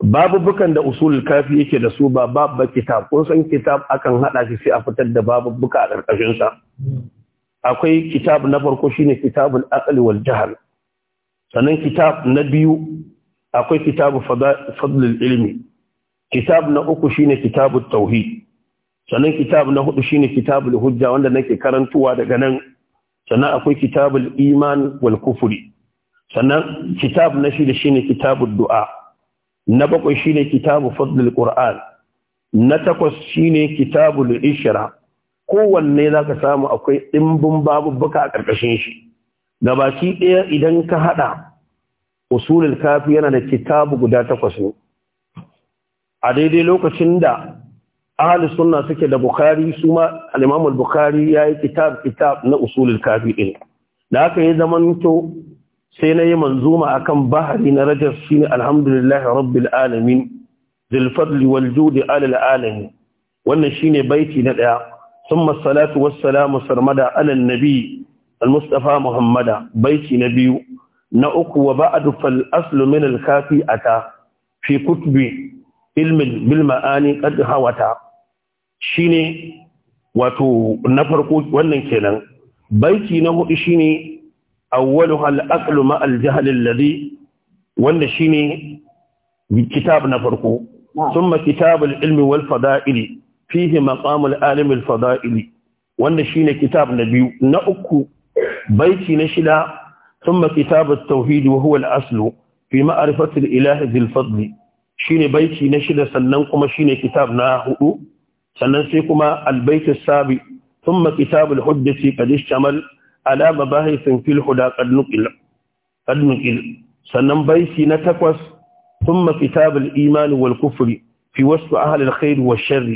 Babu bukan da usulul kafi yake da su ba babba kitab kun san kitab akan hada shi sai a fitar da buka a karkashin sa akwai kitab na farko shine kitabul aqli wal jahl sannan kitab na biyu akwai kitabu fadlul ilmi kitab na uku shine kitabut tauhid sannan kitabu na hudu shine kitabul hujja wanda nake karantuwa daga nan sannan akwai kitabul iman wal kufri sannan kitab na shida shine kitabud du'a na bakwai shine kitabu fadlul qur'an na takwas shine kitabul ishra kowanne zaka samu akwai ɗimbin babubbuka a karkashin shi gabaki ɗaya idan ka haɗa usulul kafi yana da kitabu guda takwas ne a daidai lokacin da ahalus sunna suke da bukhari su ma al-imam ya bukhari yayi kitab kitab na usulul kafi ɗin da haka ya zamanto sai nayi manzuma akan bahari na shi ne alhamdulillah rabbil alamin zil wal judi alal alamin wannan shine baiti na ɗaya thumma salatu wassalamu sarmada alal nabi al-mustafa muhammada baiti na biyu na uku wa ba'adu fal aslu min al-kafi ata fi kutubi ilmin bil ma'ani qad hawata ne wato na farko wannan kenan baiti na hudu shine ne al-aqlu ma al-jahl alladhi wanda ne kitab na farko thumma kitab al-ilmi wal fada'ili fihi maqam al-alim al-fada'ili wanda kitab na biyu na uku baiti na shida thumma kitab at-tauhid wa huwa al-aslu fi ma'arifatul ilahi bil Shi shine baiti na shida sannan kuma shine kitab na hudu sannan sai kuma albaitu sabi thumma kitab al-huddati qad ishtamal ala mabahith fil huda qad nuqil qad nuqil sannan baiti na takwas thumma kitab al-iman wal kufri fi wasf ahli al-khair wa sharr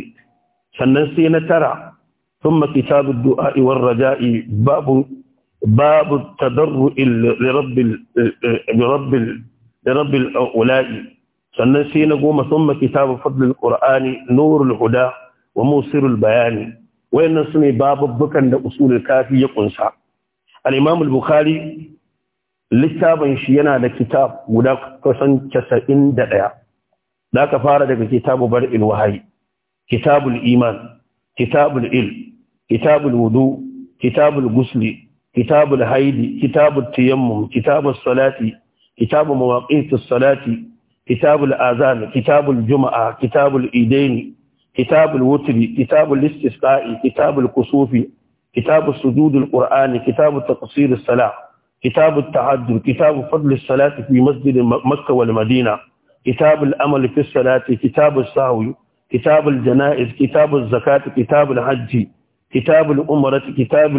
sannan sai na tara thumma kitab ad-du'a wal raja'i babu باب التضرع لرب لرب لرب الاولاء سنسينا قوم ثم كتاب فضل القران نور الهدى wa musirul bayani wayannan sune babubbukan da usulul kafi ya kunsa al-imam al-bukhari littafin shi yana da kitab guda kusan 91 da ka fara daga kitabu bar'il wahayi kitabul iman kitabul il kitabul wudu kitabul gusli kitabul haidi kitabul tayammum kitabul salati kitabul mawaqitus salati kitabul azan kitabul juma'a kitabul idaini كتاب الوتر كتاب الاستسقاء كتاب الكسوف كتاب السجود القرآن كتاب تقصير الصلاة كتاب التعدل كتاب فضل الصلاة في مسجد مكة والمدينة كتاب الأمل في الصلاة كتاب الصاوي كتاب الجنائز كتاب الزكاة كتاب الحج كتاب الأمرة كتاب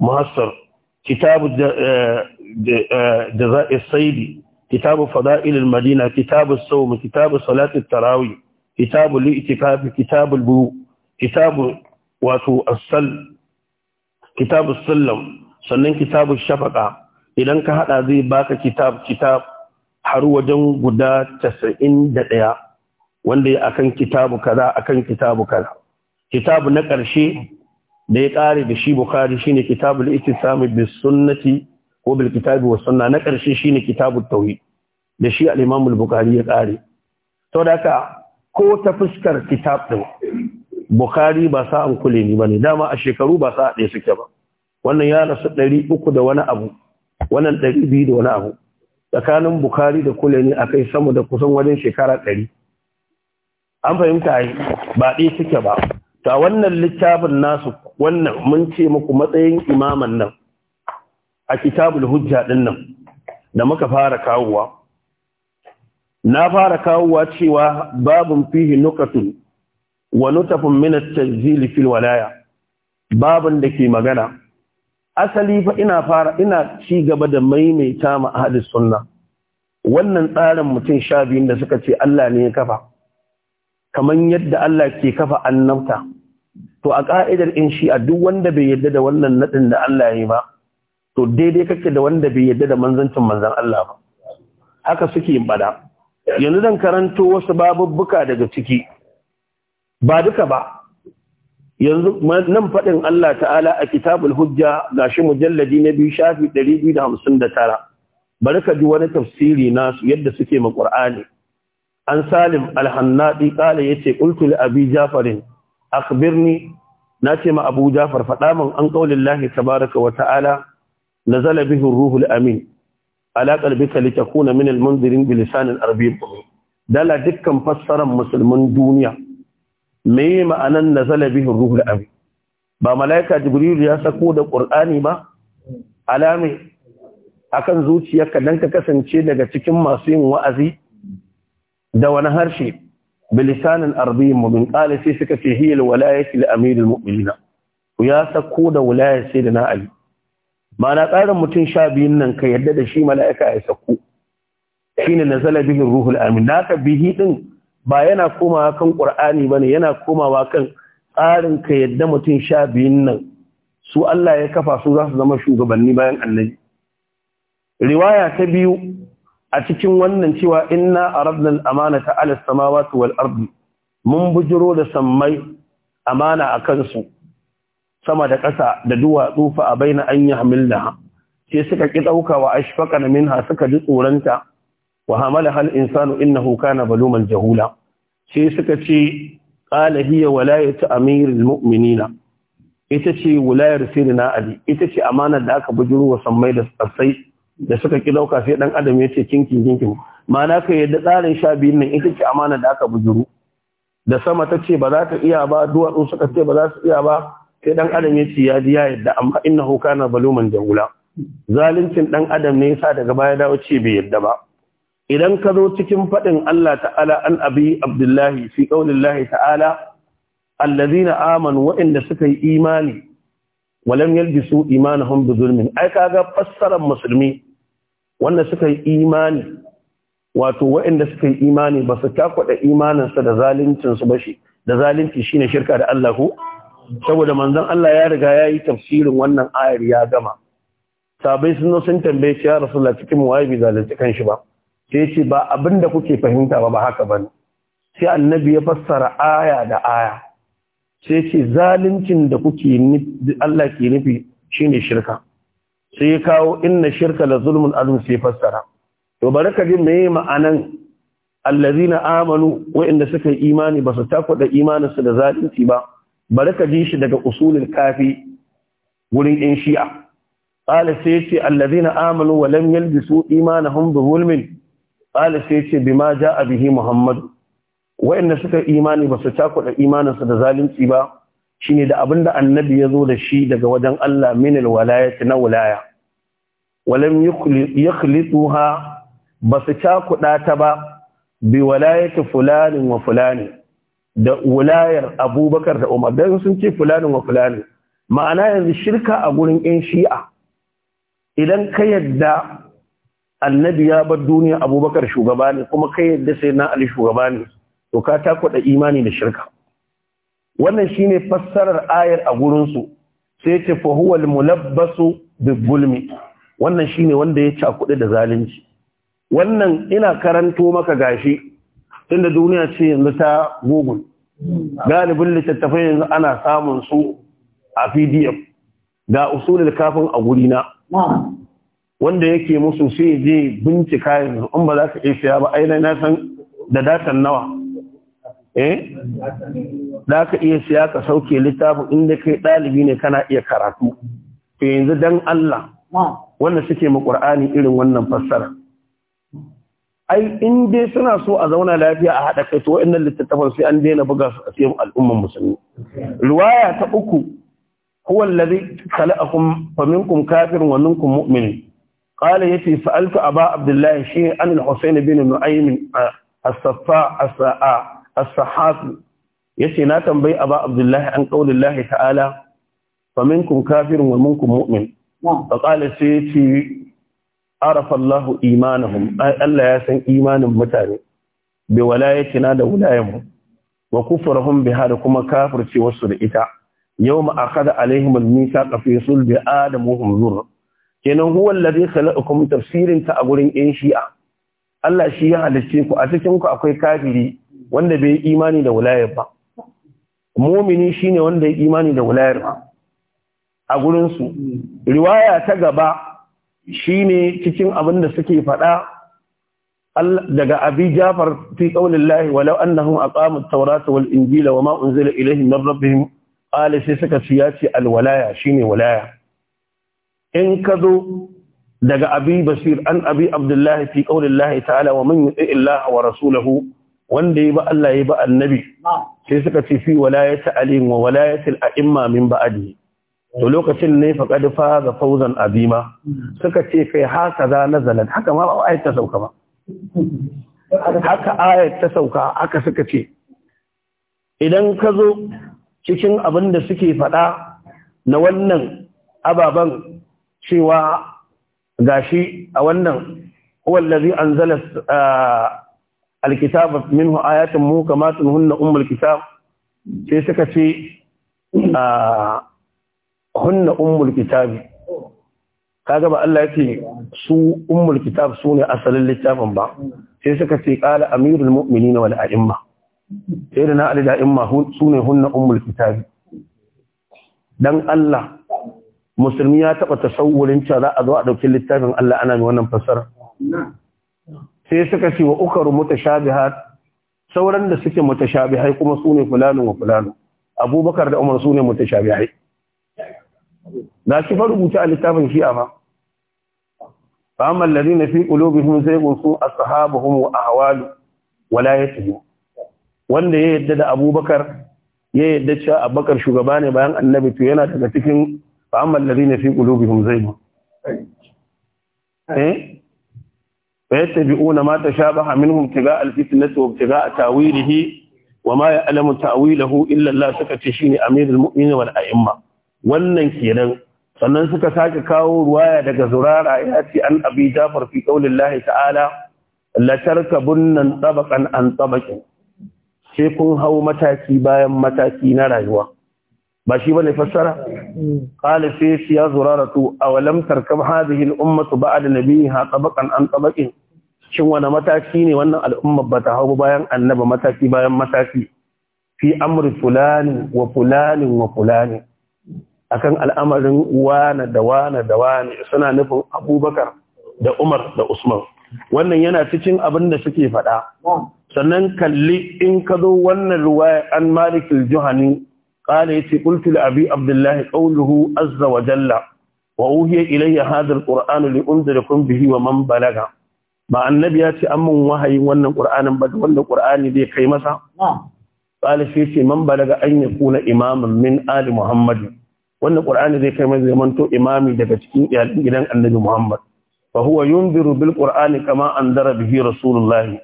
المهصر كتاب آه، آه، جزاء الصيد كتاب فضائل المدينة كتاب الصوم كتاب صلاة التراويح kitabu li'tikafi kitabul bu kitabu wato asal, kitabu sallam sannan kitabu shafaqa idan ka hada zai baka kitab kitab har wajen guda 91 wanda ya akan kitabu kaza akan kitabu kaza kitabu na ƙarshe da ya ƙare da shi Bukhari shine kitabul ittisami bis sunnati ko bil kitabi was sunna na ƙarshe shine kitabut tauhid da shi al-imam al-bukhari ya ƙare to da ka. ko ta fuskar kitab din bukhari ba sa an kule ni bane dama a shekaru ba sa ɗaya suke ba wannan ya rasu ɗari uku da wani abu wannan ɗari da wani abu tsakanin bukhari da kule ni akai sama da kusan wajen shekara ɗari an fahimta yi ba ɗaya suke ba ta wannan littafin nasu wannan mun ce muku matsayin imaman nan a kitabul hujja din nan da muka fara kawowa na fara kawowa cewa babun fihi nukatun wa nutafun min at fil walaya babun da ke magana asali fa ina fara ina ci gaba da maimaita ma ahlus sunna wannan tsarin mutum sha biyun da suka ce Allah ne ya kafa kamar yadda Allah ke kafa annabta to a ka'idar in shi a duk wanda bai yadda da wannan nadin da Allah ya yi ba to daidai kake da wanda bai yadda da manzancin manzan Allah ba haka suke bada yanzu zan karanto wasu babubbuka daga ciki ba duka ba yanzu nan faɗin Allah ta'ala a kitabul hujja gashi mujalladi na biyu shafi 259 bari ka ji wani tafsiri nasu yadda suke ma ƙur'ani. an Salim alhannaɗi ƙala ya yace qultu li Abi Ja'farin akhbirni nace ma Abu Ja'far faɗa min an ƙaunin Allah tabaaraka wa ta'ala nazala bihi ruhul amin ala qalbika litakuna min almunzirin bilisanin lisanin arabiy dala dukkan fassaran musulmin duniya me ma'anan nazala bihi ruhul amin ba malaika jibril ya sako da qur'ani ba Alame akan zuciyarka dan ka kasance daga cikin masu yin wa'azi da wani harshe بلسان sai suka ce في سكته هي الولاية لأمير المؤمنين ويا سكود da na ali ma'ana tsarin mutum sha biyun nan ka yadda da shi mala'ika ya sauko shine zala bihi ruhul amin naka bihi din ba yana komawa kan ba bane yana komawa kan tsarin ka yadda mutum sha biyun nan su Allah ya kafa su za su zama shugabanni bayan annabi riwaya ta biyu a cikin wannan cewa inna aradna al ta ala as-samawati wal ardi mun bujiro da sammai amana a kansu. sama da ƙasa da duwatsu fa baina an hamillaha. sai suka ki a wa ashfaqana minha suka ji tsoranta wa hamalaha al-insanu huka na baluman jahula sai suka ce qala hiya walayatu amirin mu'minina ita ce wulayar na ali ita ce amanar da aka bujuru wa sammai da tsatsai da suka ki sai dan adam ya ce kinkin kinkin ma'ana ka yadda tsarin sha biyun nan ita ce amanar da aka bujuru da sama ta ce ba za ta iya ba duwatsu suka ce ba za su iya ba sai dan adam ya ce ya ji ya yadda amma innahu kana baluman jahula zaluncin dan adam ne yasa daga baya dawo ce bai yadda ba idan ka zo cikin faɗin Allah ta'ala an abi abdullahi fi qaulillahi ta'ala allazina amanu wa'inda suka yi imani walam yalbisu imanahum bi zulmin ai kaga fassarar musulmi wanda suka yi imani wato wa'inda suka yi imani ba su takwada imanin su da zalincin su ba shi da zalunci shine shirka da Allah ko saboda manzon Allah ya riga ya yi tafsirin wannan ayar ya gama sabai sun sun tambaye shi ya rasulullah cikin waye bai zalunci kan shi ba sai ce ba abin da kuke fahimta ba ba haka bane sai annabi ya fassara aya da aya sai ce zaluncin da kuke Allah ke nufi shine shirka sai ya kawo inna shirka la zulmun azim sai fassara to ka ji meye ma'anan allazina amanu inda suka yi imani ba su takwada su da zalunci ba bari ka ji shi daga usulul kafi wurin ɗin shi'a qala sai ce allazina amanu wa lam yalbisu imanahum bi zulmin qala sai ce bima jaa bihi muhammad wa'anda suka imani ba su imanin imaninsu da zalunci ba shine da abinda annabi ya zo da shi daga wajen Allah min alwalayati na walaya walam yakhlituha ba su cakuɗa ta ba bi walayati fulani wa fulani da wulayar abubakar da umar don sun ce fulani wa fulani, ma'ana yanzu shirka a gurin 'yan shi'a idan ka yadda annabi ya bar duniya abubakar shugaba ne kuma ka yadda sai na ali shugaba ne to ka takwada imani da shirka wannan shine fassarar ayar a gurinsu sai ce fa huwa mulabbasu gulmi wannan shine wanda ya cakuɗe da zalunci wannan ina karanto maka gashi tunda duniya ce yanzu ta google galibin littattafai yanzu ana samun su a pdf ga usulul kafin a gurina wanda yake musu sai je bincika yanzu in ba za ka iya siya ba ainihin na san da datan nawa eh za ka iya siya ka sauke littafin inda kai ɗalibi ne kana iya karatu to yanzu dan Allah wanda suke mu Qur'ani irin wannan fassara ai in dai suna so a zauna lafiya a haɗa kai to wa'annan littattafan sai an daina buga su a cikin al'umman musulmi riwaya ta uku huwa allazi khalaqakum faminkum kafirun wa minkum mu'min qala yati sa'altu aba abdullah shi an al-husayn bin nu'aym as-saffa as-sa'a as-sahaf yace na tambayi aba abdullah an qaulillahi ta'ala faminkum kafirun wa minkum mu'min fa qala sai arafallahu Allahu imanahum Allah ya san imanin mutane bi walayatina da wulayanmu wa kufrahum biha da kuma kafircewarsu wasu da ita yawma akhadha alaihim al fi sulbi adam wa hum zur kenan huwa alladhi khalaqakum tafsirin ta a gurin yan shi'a Allah shi ya halicce ku a cikin ku akwai kafiri wanda bai imani da wulayar ba mumini shine wanda ya imani da wulayar ba a gurin su riwaya ta gaba shine cikin abin da suke faɗa daga abi jafar fi qaulillahi walau annahum a at-taurata wal injila wama unzila ilayhim don rabbihim qala sai suka siyaci alwalaya ne walaya in kazo daga abi basir an abi abdullahi fi qaulillahi ta'ala wa man yuti illaha wa rasulahu wanda yi ba Allah yi ba annabi sai suka ci fi walayati alim wa walayati a aimma min to lokacin ne faqad faza fauzan azima suka ce kai haka za na zanen. haka ma ba ayat ta sauka ba haka ayat ta sauka aka suka ce idan ka zo cikin abin da suke faɗa na wannan ababen cewa gashi a wannan wallazi anzala alkitab minhu ayatun mukamatun hunna ummul kitab sai suka ce hunna ummul kitabi kaga ba Allah yake su ummul kitab su ne asalin littafin ba sai suka ce qala amirul mu'minin wal a'imma sai da na alida imma su ne hunna ummul kitabi dan Allah musulmi ya taba tasawurin cewa za a zo a dauki littafin Allah ana mai wannan fasara sai suka ce wa ukaru mutashabihat sauran da suke mutashabihai kuma sune fulanu wa fulanu abubakar da umar sune mutashabihai Na shi fa rubuta a littafin shi'a Ba fa amma alladhina fi qulubihim zaygun su ashabuhum wa ahwalu wala yatihim wanda ya yadda da Abubakar ya yadda cewa Abubakar shugaba ne bayan Annabi to yana daga cikin fa amma alladhina fi qulubihim zaygun eh fa yattabi'una ma tashabaha minhum tiga al-fitnati wa tiga ta'wilihi wa ma ya'lamu ta'wilahu illa Allah shine amirul mu'minin wal a'imma wannan kenan sannan suka sake kawo ruwaya daga zurara ya ce an abi jafar fi qaulin ta'ala la tarkabunna tabaqan an tabaqin sai kun hau mataki bayan mataki na rayuwa ba shi bane fassara qala fi ya zuraratu aw lam tarkab hadhihi al-ummatu ba'da nabiha tabaqan an tabaqin shin wani mataki ne wannan al'ummar ba ta hau bayan annaba mataki bayan mataki fi amri fulani wa fulani wa fulani akan al'amarin wane da wane da wane suna nufin abubakar da umar da usman wannan yana cikin abin da suke faɗa sannan kalli in ka zo wannan ruwaya an malikul juhani qala yace qultu abi abdullahi Ƙauluhu, azza wa jalla wa uhiya ilayya hadha alquran li unzirakum bihi wa man balaga ba annabi ya ce amman wahayin wannan qur'anin ba wannan qur'ani zai kai masa qala shi ce man balaga an kuna imaman min ali muhammadin Wannan qur'ani zai kai mai zamanto imami daga cikin gidan annabi muhammad fa huwa yunziru bil qur'ani kama anzara bihi rasulullahi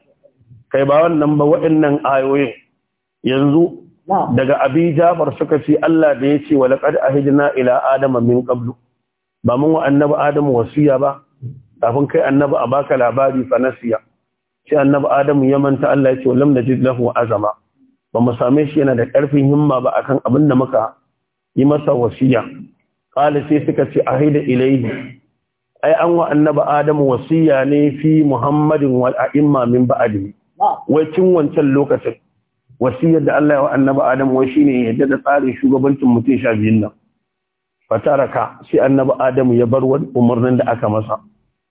kai ba wannan ba waɗannan ayoyin yanzu daga abi jabar suka ce Allah da yace wa laqad ahidna ila adama min qablu ba mun wa annabi adamu wasiya ba kafin kai annabi a baka labari fa nasiya sai annabi adamu ya manta Allah yace lam najid lahu azama ba mu same shi yana da karfin himma ba akan abin da muka yi masa wasiya qala sai suka ce haida ilayhi ai an wa annaba adamu wasiya ne fi muhammadin wal a'imma min ba'di wai cin wancan lokacin wasiyar da Allah ya wa annaba adamu wai shine yadda da tsarin shugabancin mutum sha biyun nan fataraka sai annaba adamu ya bar wani umarnin da aka masa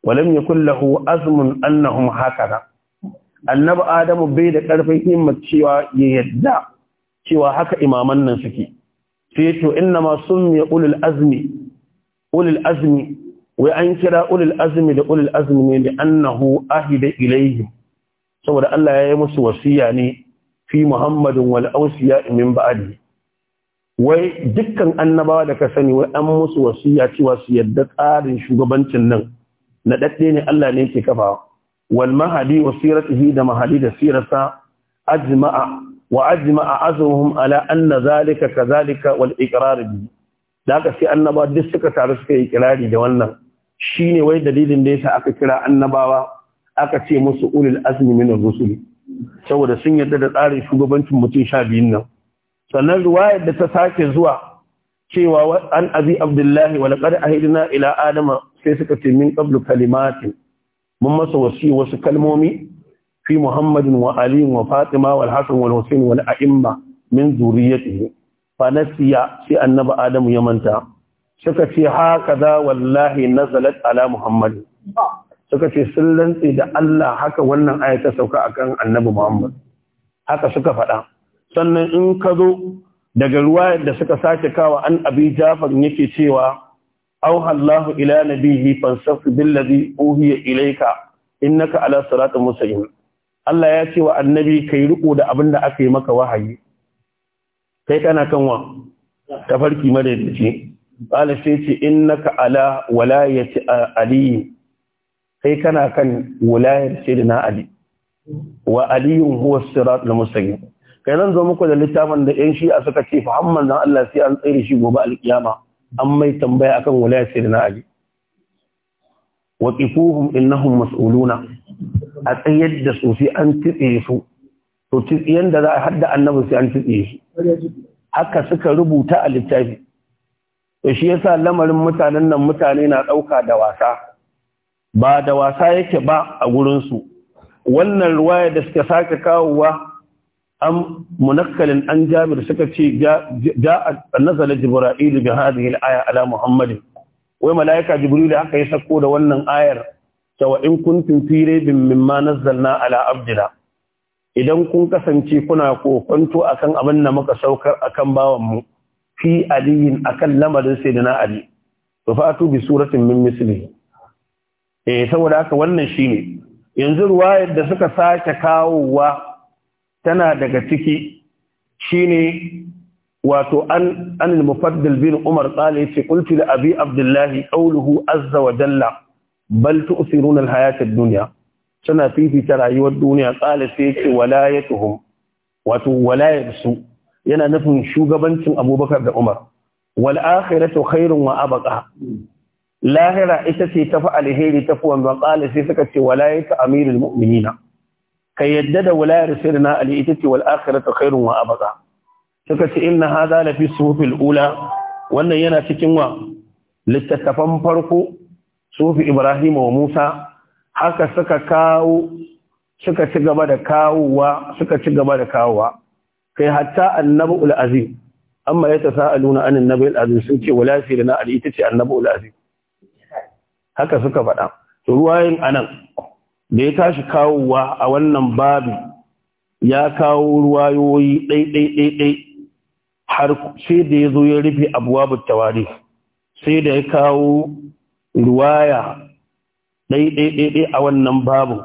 walam yakul lahu azmun annahum hakada annaba adamu bai da karfin himmat cewa ya yadda cewa haka imaman nan suke sai to masu ma summi ulul azmi azmi wai an kira ulul azmi da ulil azmi ne da annahu ahida ilayhi saboda Allah ya yi musu wasiya ne fi Muhammadin wal awsiya min ba'adi? wai dukkan annabawa da ka sani wai an musu wasiya cewa su yadda tsarin shugabancin nan na dadde ne Allah ne ke kafa? wal mahadi wa siratihi da mahadi da sirarsa ajma'a وعزم اعزمهم على ان ذلك كذلك والاقرار به ذاك سي انبا duk suka taru suka yi kirari da wannan shine wai dalilin da yasa aka kira annabawa aka ce musu ulul azmi min ar saboda sun yarda da tsarin shugabancin mutum biyun nan sannan riwayar da ta sake zuwa cewa an azi abdullahi wa a hidina ila adama sai suka ce min qablu kalimatin mun masa wasi wasu kalmomi fi Muhammadin wa Ali wa Fatima wal Hassan wal Hussein wal a'imma min zuriyatihi fa nasiya sai annabi Adamu ya manta suka ce haka za wallahi nazalat ala Muhammad suka ce sun rantsi da Allah haka wannan aya ta sauka akan annabi Muhammad haka suka faɗa sannan in ka zo daga ruwa da suka sake kawa an abi jafar yake cewa auha Allahu ila nabihi fansaf bil ladhi uhiya ilayka innaka ala siratin mustaqim Allah ya ce wa annabi yi riko da abin da aka yi maka wahayi kai kana kan wa tafarki madaidaici qala sai ce innaka ala walayati ali kai kana kan walayar sayyidina ali wa aliyun huwa siratul mustaqim kai zan zo muku da littafin da yan shi'a suka ce fa amman dan Allah sai an tsare shi gobe alkiyama an mai tambaya akan walayar sayyidina ali waqifuhum innahum mas'uluna a tsayar da su fi an tutse su to tutsiyen da za a hadda annabi sai an tutse su haka suka rubuta a littafi to shi yasa lamarin mutanen nan mutane na ɗauka da wasa ba da wasa yake ba a gurinsu wannan ruwaya da suka sake kawowa an munakkalin an jabir suka ce ja a jibril jibrailu bin al-aya ala muhammadin wai malaika jibrilu haka ya sako da wannan ayar cewa in kuntum fi bin mimma nazzalna ala abdina idan kun kasance kuna kokonto akan abin da muka saukar akan bawan mu fi aliyin akan lamarin sayyidina ali to fatu bi suratin min misli eh saboda haka wannan shine yanzu ruwayar da suka sake kawowa tana daga ciki shine wato an an bin umar qala yace qultu li abi abdullah qawluhu azza wa jalla bal tu'siruna al-hayata ad-dunya suna fifita rayuwar duniya qala yake walayatuhum wato walayarsu yana nufin shugabancin Abubakar da Umar wal akhiratu khairun wa abqa lahira ita ce tafi alheri tafi wanda qala suka ce walayatu amirul mu'minina kai yadda da walayar sirna ali ita ce wal akhiratu khairun wa abqa suka ce inna hadha la fi suhufil ula wannan yana cikin wa littattafan farko sufi Ibrahim wa Musa haka suka kawo suka ci gaba da kawowa suka ci gaba da kawowa kai hatta annabul azim amma ya tasaaluna an annabul azim sun ce wala sirna al ita ce annabul azim haka suka faɗa to ruwayin anan da ya tashi kawowa a wannan babu ya kawo ruwayoyi ɗai ɗai ɗai dai har sai da ya zo ya rufe babu tawari sai da ya kawo ruwaya ɗaiɗaiɗaiɗai a wannan babu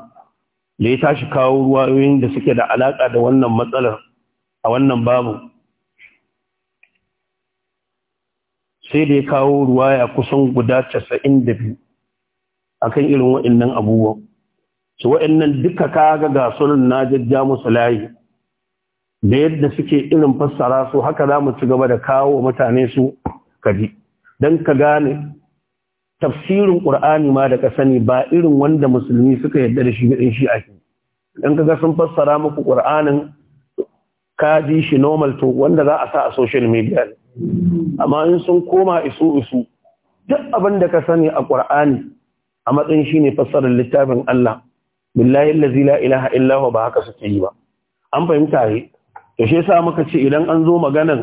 da ya tashi kawo ruwayoyin da suke da alaƙa da wannan matsalar a wannan babu sai da ya kawo ruwaya kusan guda casa'in da biyu a kan irin waɗannan abubuwan su waɗannan duka kaga gasar sunan na jajja musu layi da yadda suke irin fassara su haka za mu ci gaba da kawo mutane su kaji don ka gane tafsirin qur'ani ma da ka sani ba irin wanda musulmi suka yarda da shi gaɗin shi ake ka ga sun fassara muku qur'anin ka ji shi normal to wanda za a sa a social media amma in sun koma isu isu duk abin da ka sani a ƙur'ani a matsayin shine fassarar littafin Allah billahi allazi la ilaha illa huwa ba haka suke yi ba an fahimta ne to shi yasa muka ce idan an zo maganan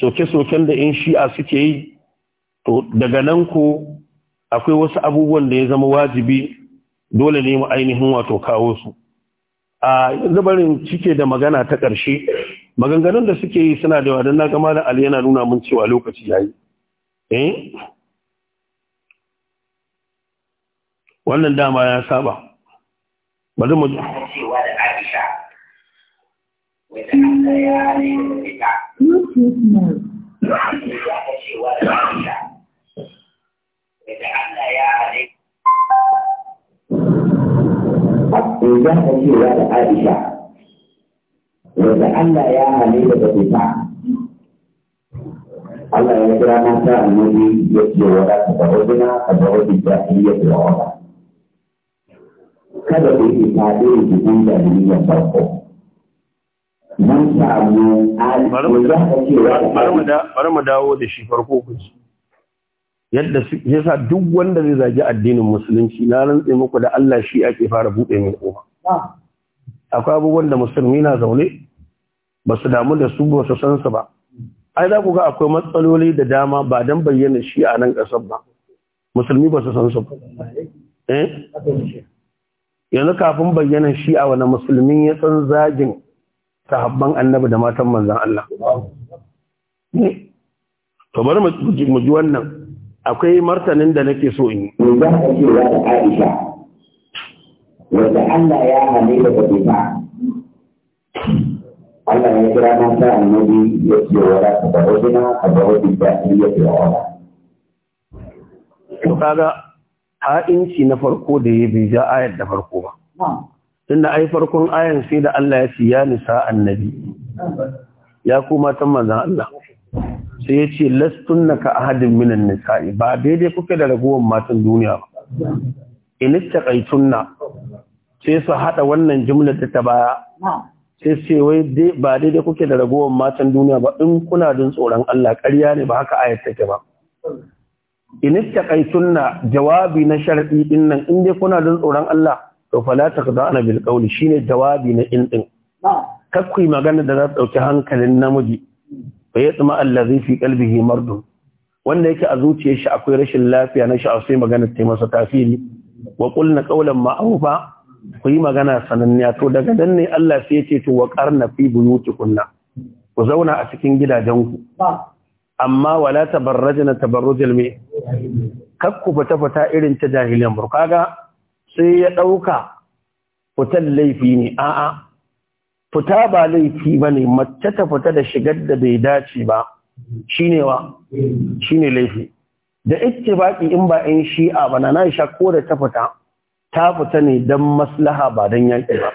soke-soken da in shi'a suke yi to daga nan ko akwai wasu abubuwan da ya zama wajibi dole ne mu ainihin wato kawo su a yanzu barin cike da magana ta ƙarshe maganganun da suke yi suna da wadanda na gama da ali yana nuna mun cewa lokaci ya yi. Eh? wannan dama ya saba bari mu daga eh, ya da Aisha wanda Allah ya halitta da fita Allah ya kira mata annabi ya ce wa za ka tawajina ka tawaji jahiliya da kada ku yi fadi da jikin jahiliya farko mun samu Bari mu dawo da shi farko yadda yasa duk wanda zai zagi addinin musulunci na rantse muku da Allah shi ake fara buɗe mai kofa akwai abubuwan da musulmi na zaune ba su damu da su ba su san su ba ai za ku ga akwai matsaloli da dama ba dan bayyana shi a nan kasar ba musulmi ba su san su ba eh yanzu kafin bayyana shi a wani musulmin ya san zagin sahabban annabi da matan manzon Allah eh? to bari mu ji wannan akwai martanin da nake so in yi. Za ka ce wa da Aisha, wanda Allah ya hane da kuɗi ba. Allah ya kira na sa annabi ya ce wa da ka ba wajina ka ba wajin da ya ce wa da. Kaga ha'inci na farko da ya bai ja ayar da farko ba. Tunda ai farkon ayan sai da Allah ya ce ya nisa annabi. Ya kuma ta manzan Allah. sai ya ce lastunna ka ahadin minan nisa'i ba daidai kuke da ragowar matan duniya ba in ittaqaitunna sai su hada wannan jumla ta ta baya sai ce wai ba daidai kuke da ragowar matan duniya ba in kuna jin tsoron Allah ƙarya ne ba haka ayat take ba in ittaqaitunna jawabi na sharaɗi din nan in dai kuna jin tsoron Allah to fala taqda'na bil qawli shine jawabi na in din kakkui magana da za ta dauki hankalin namiji fa Allah allazi fi qalbihi mardu wanda yake a zuciyar shi akwai rashin lafiya na shi a sai magana ta masa tasiri wa qulna qawlan ma'rufa ku yi magana sananniya to daga nan ne Allah sai ya ce to wa qarna fi kunna ku zauna a cikin gidajenku amma wala tabarrajna tabarrujal me ku fita fata irin ta jahiliyan burkaga sai ya dauka fitan laifi ne a'a fita ba laifi ba ne mace ta fita da shigar da bai dace ba shine wa shine laifi da ita baki in ba in shi'a ba na sha ko da ta fita ta fita ne don maslaha ba don yaki ba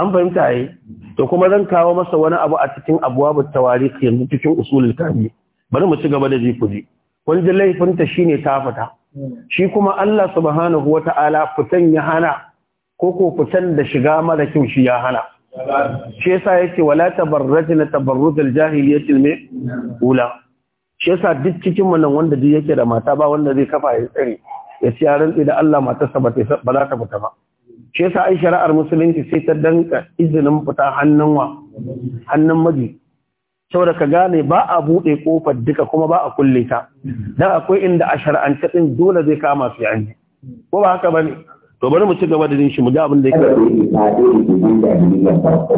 an fahimta yi to kuma zan kawo masa wani abu a cikin abuwabut tawari yanzu cikin usulul kami bari mu ci gaba da ji kuji kun ji laifin ta shine ta fita shi kuma Allah subhanahu wata'ala fitan ya hana ko ko fitan da shiga mara kyau shi ya hana shi yasa yake wala tabarrajna tabarrujal jahiliyatil me ula shi yasa duk cikin mu nan wanda duk yake da mata ba wanda zai kafa ya tsare ya ci yaran da Allah matarsa ba ba za ta fita ba shi yasa ai shari'ar musulunci sai ta danka izinin fita hannun wa hannun miji saboda ka gane ba a bude kofar duka kuma ba a kulle ta dan akwai inda a shar'ance din dole zai kama su yanzu ko ba haka bane to bari mu ci gaba da jin mu ji abin da ya farko.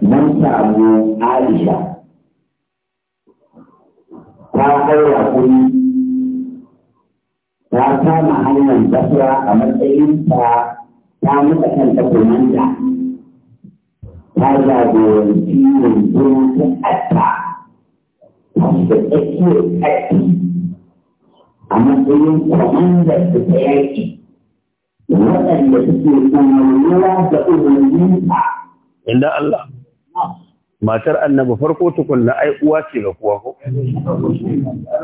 mun samu Aisha ta haura kuri ta kama hanyar basira a matsayin ta ta muka kan takwamanta ta jagoranci yanzu ta ƙasa ta shiga tsakiyar ƙarfi a matsayin kwamandar ta waɗanda suke umarniya da Inda Allah. Matar annabi farko tukunna ai uwa ce ga kuwa ko.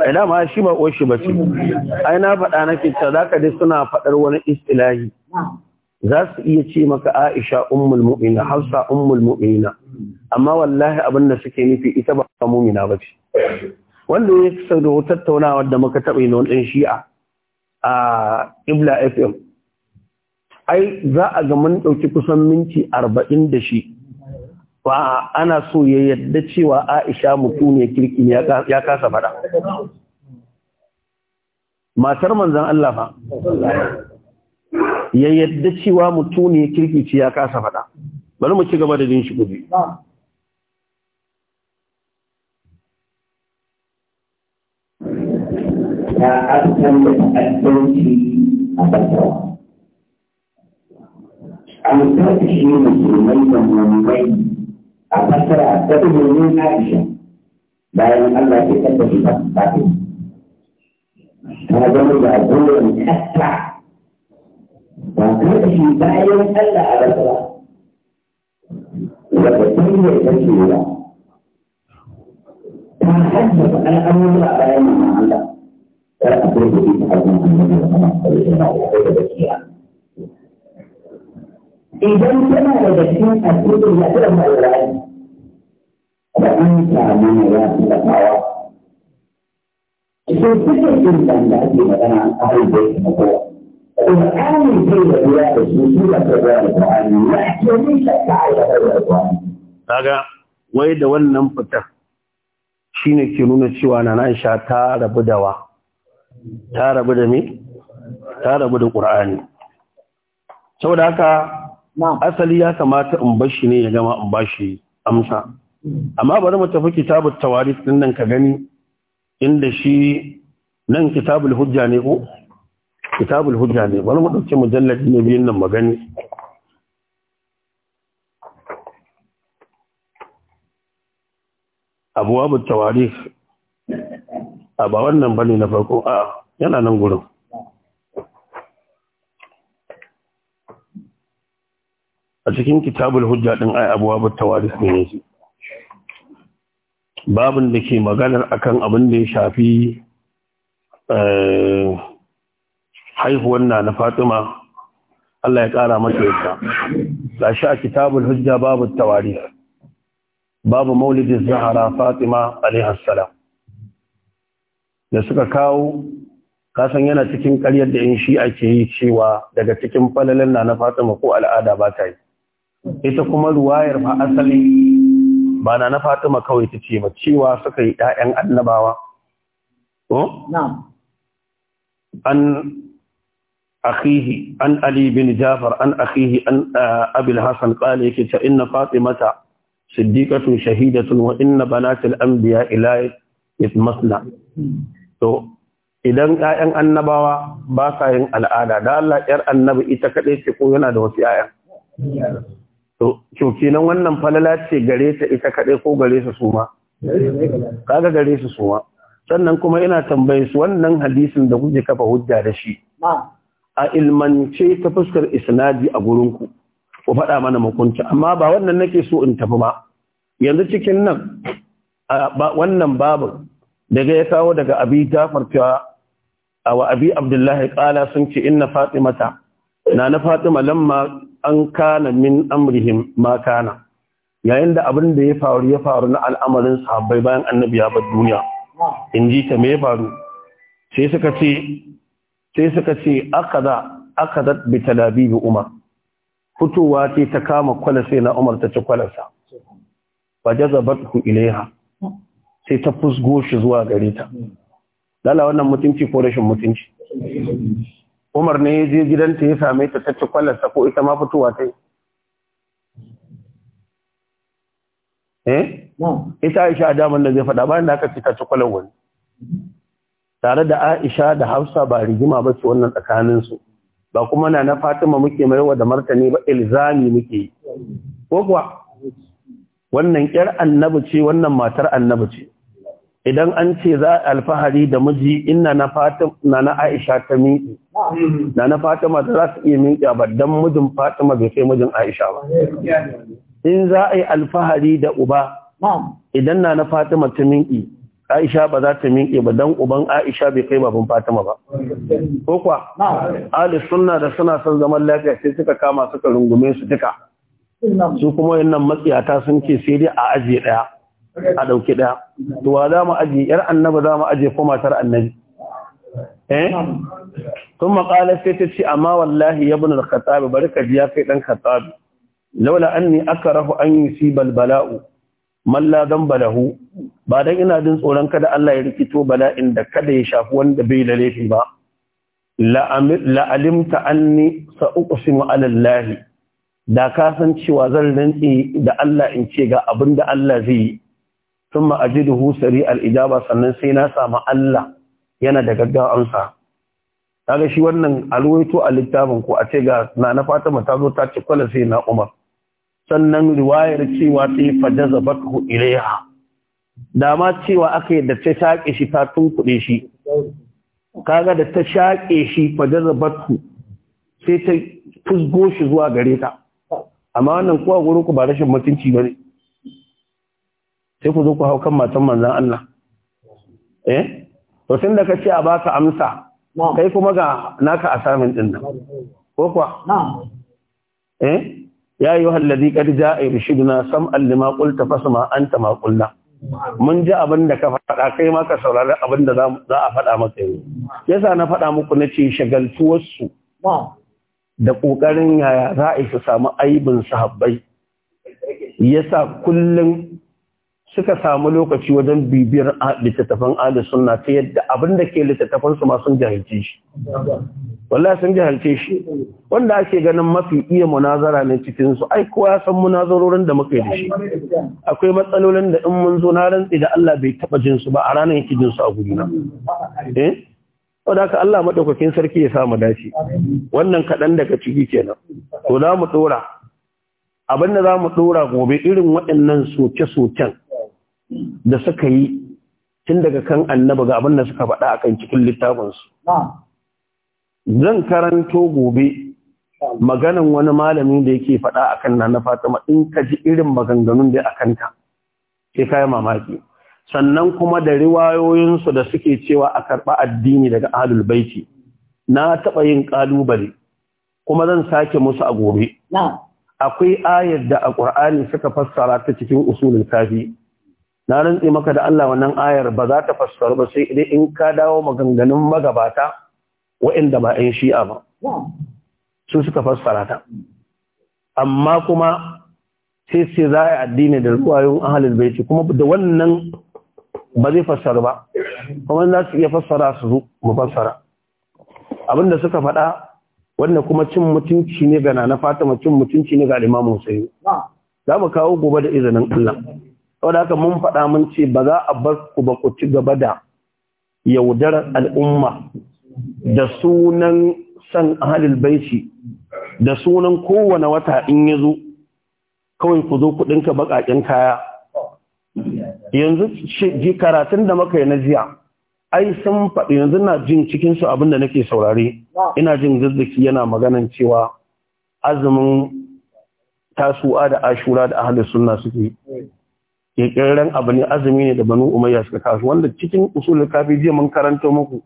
ina ma shi ba uwar shi bace. Ai na faɗa nake ta zaka dai suna faɗar wani istilahi. Za su iya ce maka Aisha ummul mu'mina Hafsa ummul mu'mina. Amma wallahi abin da suke nufi ita ba mu'mina bace. Wanda ya tattaunawar da muka taɓa yi na wani ɗan shi'a a Ibla FM. ai za a ga mun dauki kusan minti arba'in da shi ba ana so ya yadda cewa aisha mutum ya kirki ya kasa faɗa matar manzon Allah fa ya yadda cewa mutum ya kirki ce ya kasa faɗa bari mu ci gaba da jin shi gobe ta asalin adalci a basawa Aisha ta shi ne musulman da mummai a fassara ta fi domin Aisha bayan Allah ke tsada shi ba ta fi. Ta zama da zuwan kasta ba ta da shi bayan Allah a rasuwa. Wata tsanye ta ke wuwa. Ta hajjar faɗan abubuwa bayan mamman Allah. Ta a kai da ita a zuwa da mamman Allah da mamman Allah da mamman Allah da mamman Allah idan tana da cikin asirin ya kira mai rani da an samu ne ya fi tafawa so suke cin da ake magana a harin da ko an yi zai da ruwa da su su da ta zuwa da Ƙur'ani ya ke nisa ta yi da Ƙur'ani. Kaga wai da wannan fitar shine ke nuna cewa na sha ta rabu da wa ta rabu da me ta rabu da Qur'ani saboda haka asali ya kamata in bashi ne ya gama in bashi amsa amma bari mu tafi kitabut tawarif din nan ka gani inda shi nan kitabul hujja ne ko kitabul hujja ne bari mu dauke mujalladi ne biyan nan magani abwabut tawarif a ba wannan bane na farko a yana nan gurin a cikin kitabul hujja din ai abwabut tawarith ne yake babun da ke maganar akan abin da ya shafi eh, haihuwar na na Fatima Allah ya ƙara mata yadda gashi a kitabul hujja babu tawarith babu maulidin zahara Fatima alaihi salam da suka kawo kasan yana cikin ƙaryar da in shi ake yi cewa daga cikin falalan na na Fatima ko al'ada ba ta yi ita kuma ruwayar fa asali ba na na Fatima kawai ta ce ba cewa suka yi ɗayan annabawa hmm? an akhihi an ali bin jafar an akhihi an abul hasan qala yake ta inna fatimata siddiqatun shahidatun wa inna banatil anbiya ila yatmasna to idan ƴaƴan annabawa ba sa yin al'ada da Allah ƴar annabi ita kaɗai ce ko yana da wasu ƴaƴan to kenan wannan falala ce gare ta ita kaɗai ko gare su su ma kaga gare su su ma sannan kuma ina tambayin su wannan hadisin da kuke kafa hujja da shi a ilmance ta fuskar isnadi a gurin ku ku faɗa mana mukunci amma ba wannan nake so in tafi ba yanzu cikin nan wannan babu daga ya kawo daga abi jafar cewa a wa abi abdullahi kala sun ce inna fatimata na na fatima lamma an kana min amrihim ma kana yayin da abin da ya faru ya faru na al'amarin sahabbai bayan annabi ya bar duniya in ji ta me ya faru sai suka ce sai suka ce akada akadat bi talabibi umar fitowa ce ta kama kwala sai na umar ta ci kwalarsa ba ku ilaiha sai ta fusgo shi zuwa gare ta lala wannan mutunci ko rashin mutunci Umar ne ya je gidanta ya same ta tacci kwallonsa ko ita ma fitowa ta yi. Eh? Ita Aisha a damar da zai faɗa bayan da aka ci tacci kwallon wani. Tare da Aisha da Hafsa ba rigima ba ce wannan tsakaninsu. Ba kuma na na Fatima muke maiwa da martani ba ilzami muke yi. Ko kuwa? Wannan ƙyar annabi ce wannan matar annabi ce. idan an ce za alfahari da miji inna na fatima na aisha ta miƙi na na fatima za su iya miƙi ba dan mijin fatima bai kai mijin aisha ba in za a yi alfahari da uba idan na na fatima ta miƙi aisha ba za ta miƙi ba dan uban aisha bai kai babin fatima ba ko kuwa ali sunna da suna son zaman lafiya sai suka kama suka rungume su duka su kuma yannan matsiyata sun ce sai dai a ajiye ɗaya a ɗauki ɗaya to za mu ajiye yar annaba za mu ajiye ko matar annabi eh ya bunar سيتشي bari ka ji ya kai ɗan يا laula an ni aka rahu an yi si balbala'u. Malla don balahu. Ba don ina jin tsoron kada Allah ya rikito bala'in da kada ya shafi wanda bai da laifi ba La'alinta an ni sa uqsimu Allah da ka san cewa zan rantsi da Allah in ce ga abin da Allah zai yi thumma ajiduhu sari'al ijaba sannan sai na samu Allah yana da gaggawa amsa kaga shi wannan alwaito a littafin ko a ce ga na na Fatima mu zo ta ci kwala sai na Umar sannan riwayar cewa ta yi fajaza bakahu ilaiha dama cewa aka da ta shaƙe shi ta tunkuɗe shi kaga da ta shaƙe shi fajaza bakahu sai ta fusgo shi zuwa gareta, ta amma wannan kuwa gurin ku ba rashin mutunci ba ne sai ku zo ku hau kan matan manzan Allah eh to tun da kace a baka amsa kai kuma ga naka asamin din nan ko kuwa na'am eh ya ayyuha alladhi qad jaa irshiduna sam lima qulta fasma anta ma qulna mun ji abin da ka faɗa kai ma ka saurari abin da za a faɗa maka yau yasa na faɗa muku na ce shagaltuwarsu da ƙoƙarin yaya za a su samu aibin sahabbai yasa kullum suka samu lokaci wajen bibiyar littattafan ahlus sunna ta yadda abin da ke littattafan su masu jahilce shi wallahi sun jahilce shi wanda ake ganin mafi iya munazara ne cikin ai kowa ya san munazarorin da muka yi da shi akwai matsalolin da in mun zo na rantsi da Allah bai taba jin su ba a ranar yake jin a guri na eh wanda ka Allah madaukakin sarki ya sa mu dace wannan kaɗan daga ciki kenan to za mu ɗora. abin da za mu ɗora gobe irin waɗannan soke-soken da suka yi tun daga kan annaba ga abin da suka faɗa a kan cikin littafinsu. Zan karanto gobe maganan wani malami da yake faɗa a kan na Fatima in ka ji irin maganganun da a kanta, sai kayan mamaki. Sannan kuma da riwayoyinsu da suke cewa a karɓa addini daga ahlul baiti, na taɓa yin ƙalubale, kuma zan sake musu a gobe. Akwai ayar da a Ƙur'ani suka fassara ta cikin usulul kafi. na rantse maka da Allah wannan ayar ba za ta fassaru ba sai idan in ka dawo maganganun magabata waɗanda ba 'yan shi'a ba su suka fassara ta amma kuma sai sai za a yi addini da ruwayoyin ahalin baiti kuma da wannan ba zai fassara ba kuma za su iya fassara su zo mu fassara abinda suka faɗa wanda kuma cin mutunci ne ga na fata mutunci ne ga limamin sai za mu kawo gobe da izinin Allah saboda haka mun faɗa mun ce ba za a bar ku ba ku ci gaba da yaudar al'umma da sunan san ahalil baiti da sunan kowane wata in ya zo kawai ku zo kuɗinka baƙaƙen kaya yanzu ji karatun da muka yi na jiya ai sun faɗi yanzu na jin cikin su abin da nake saurare ina jin zazzaki yana maganan cewa azumin tasuwa da ashura da ahalus sunna suke kirkiren abu ne azumi ne da banu umayya suka kasu wanda cikin usulul kafi jiya mun karanta muku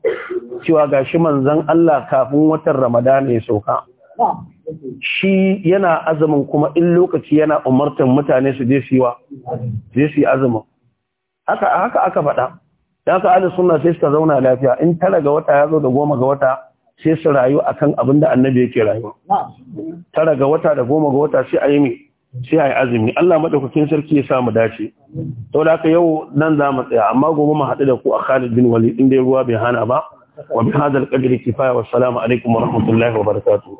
cewa gashi manzon Allah kafin watan Ramadana ya sauka shi yana azumin kuma in lokaci yana umartan mutane su je siwa je su azumin haka haka aka faɗa ka ala sunna sai suka zauna lafiya in tara ga wata ya zo da goma ga wata sai su rayu akan abin da annabi yake rayuwa tara ga wata da goma ga wata sai a yi mai sai a azumi Allah maɗaukakin sarki ya samu dace to da aka yau nan za mu tsaya amma gobe mu haɗu da ku a Khalid bin Walid inda ruwa bai hana ba wa bi hadal qadri kifaya wa salamu alaikum wa rahmatullahi wa barakatuh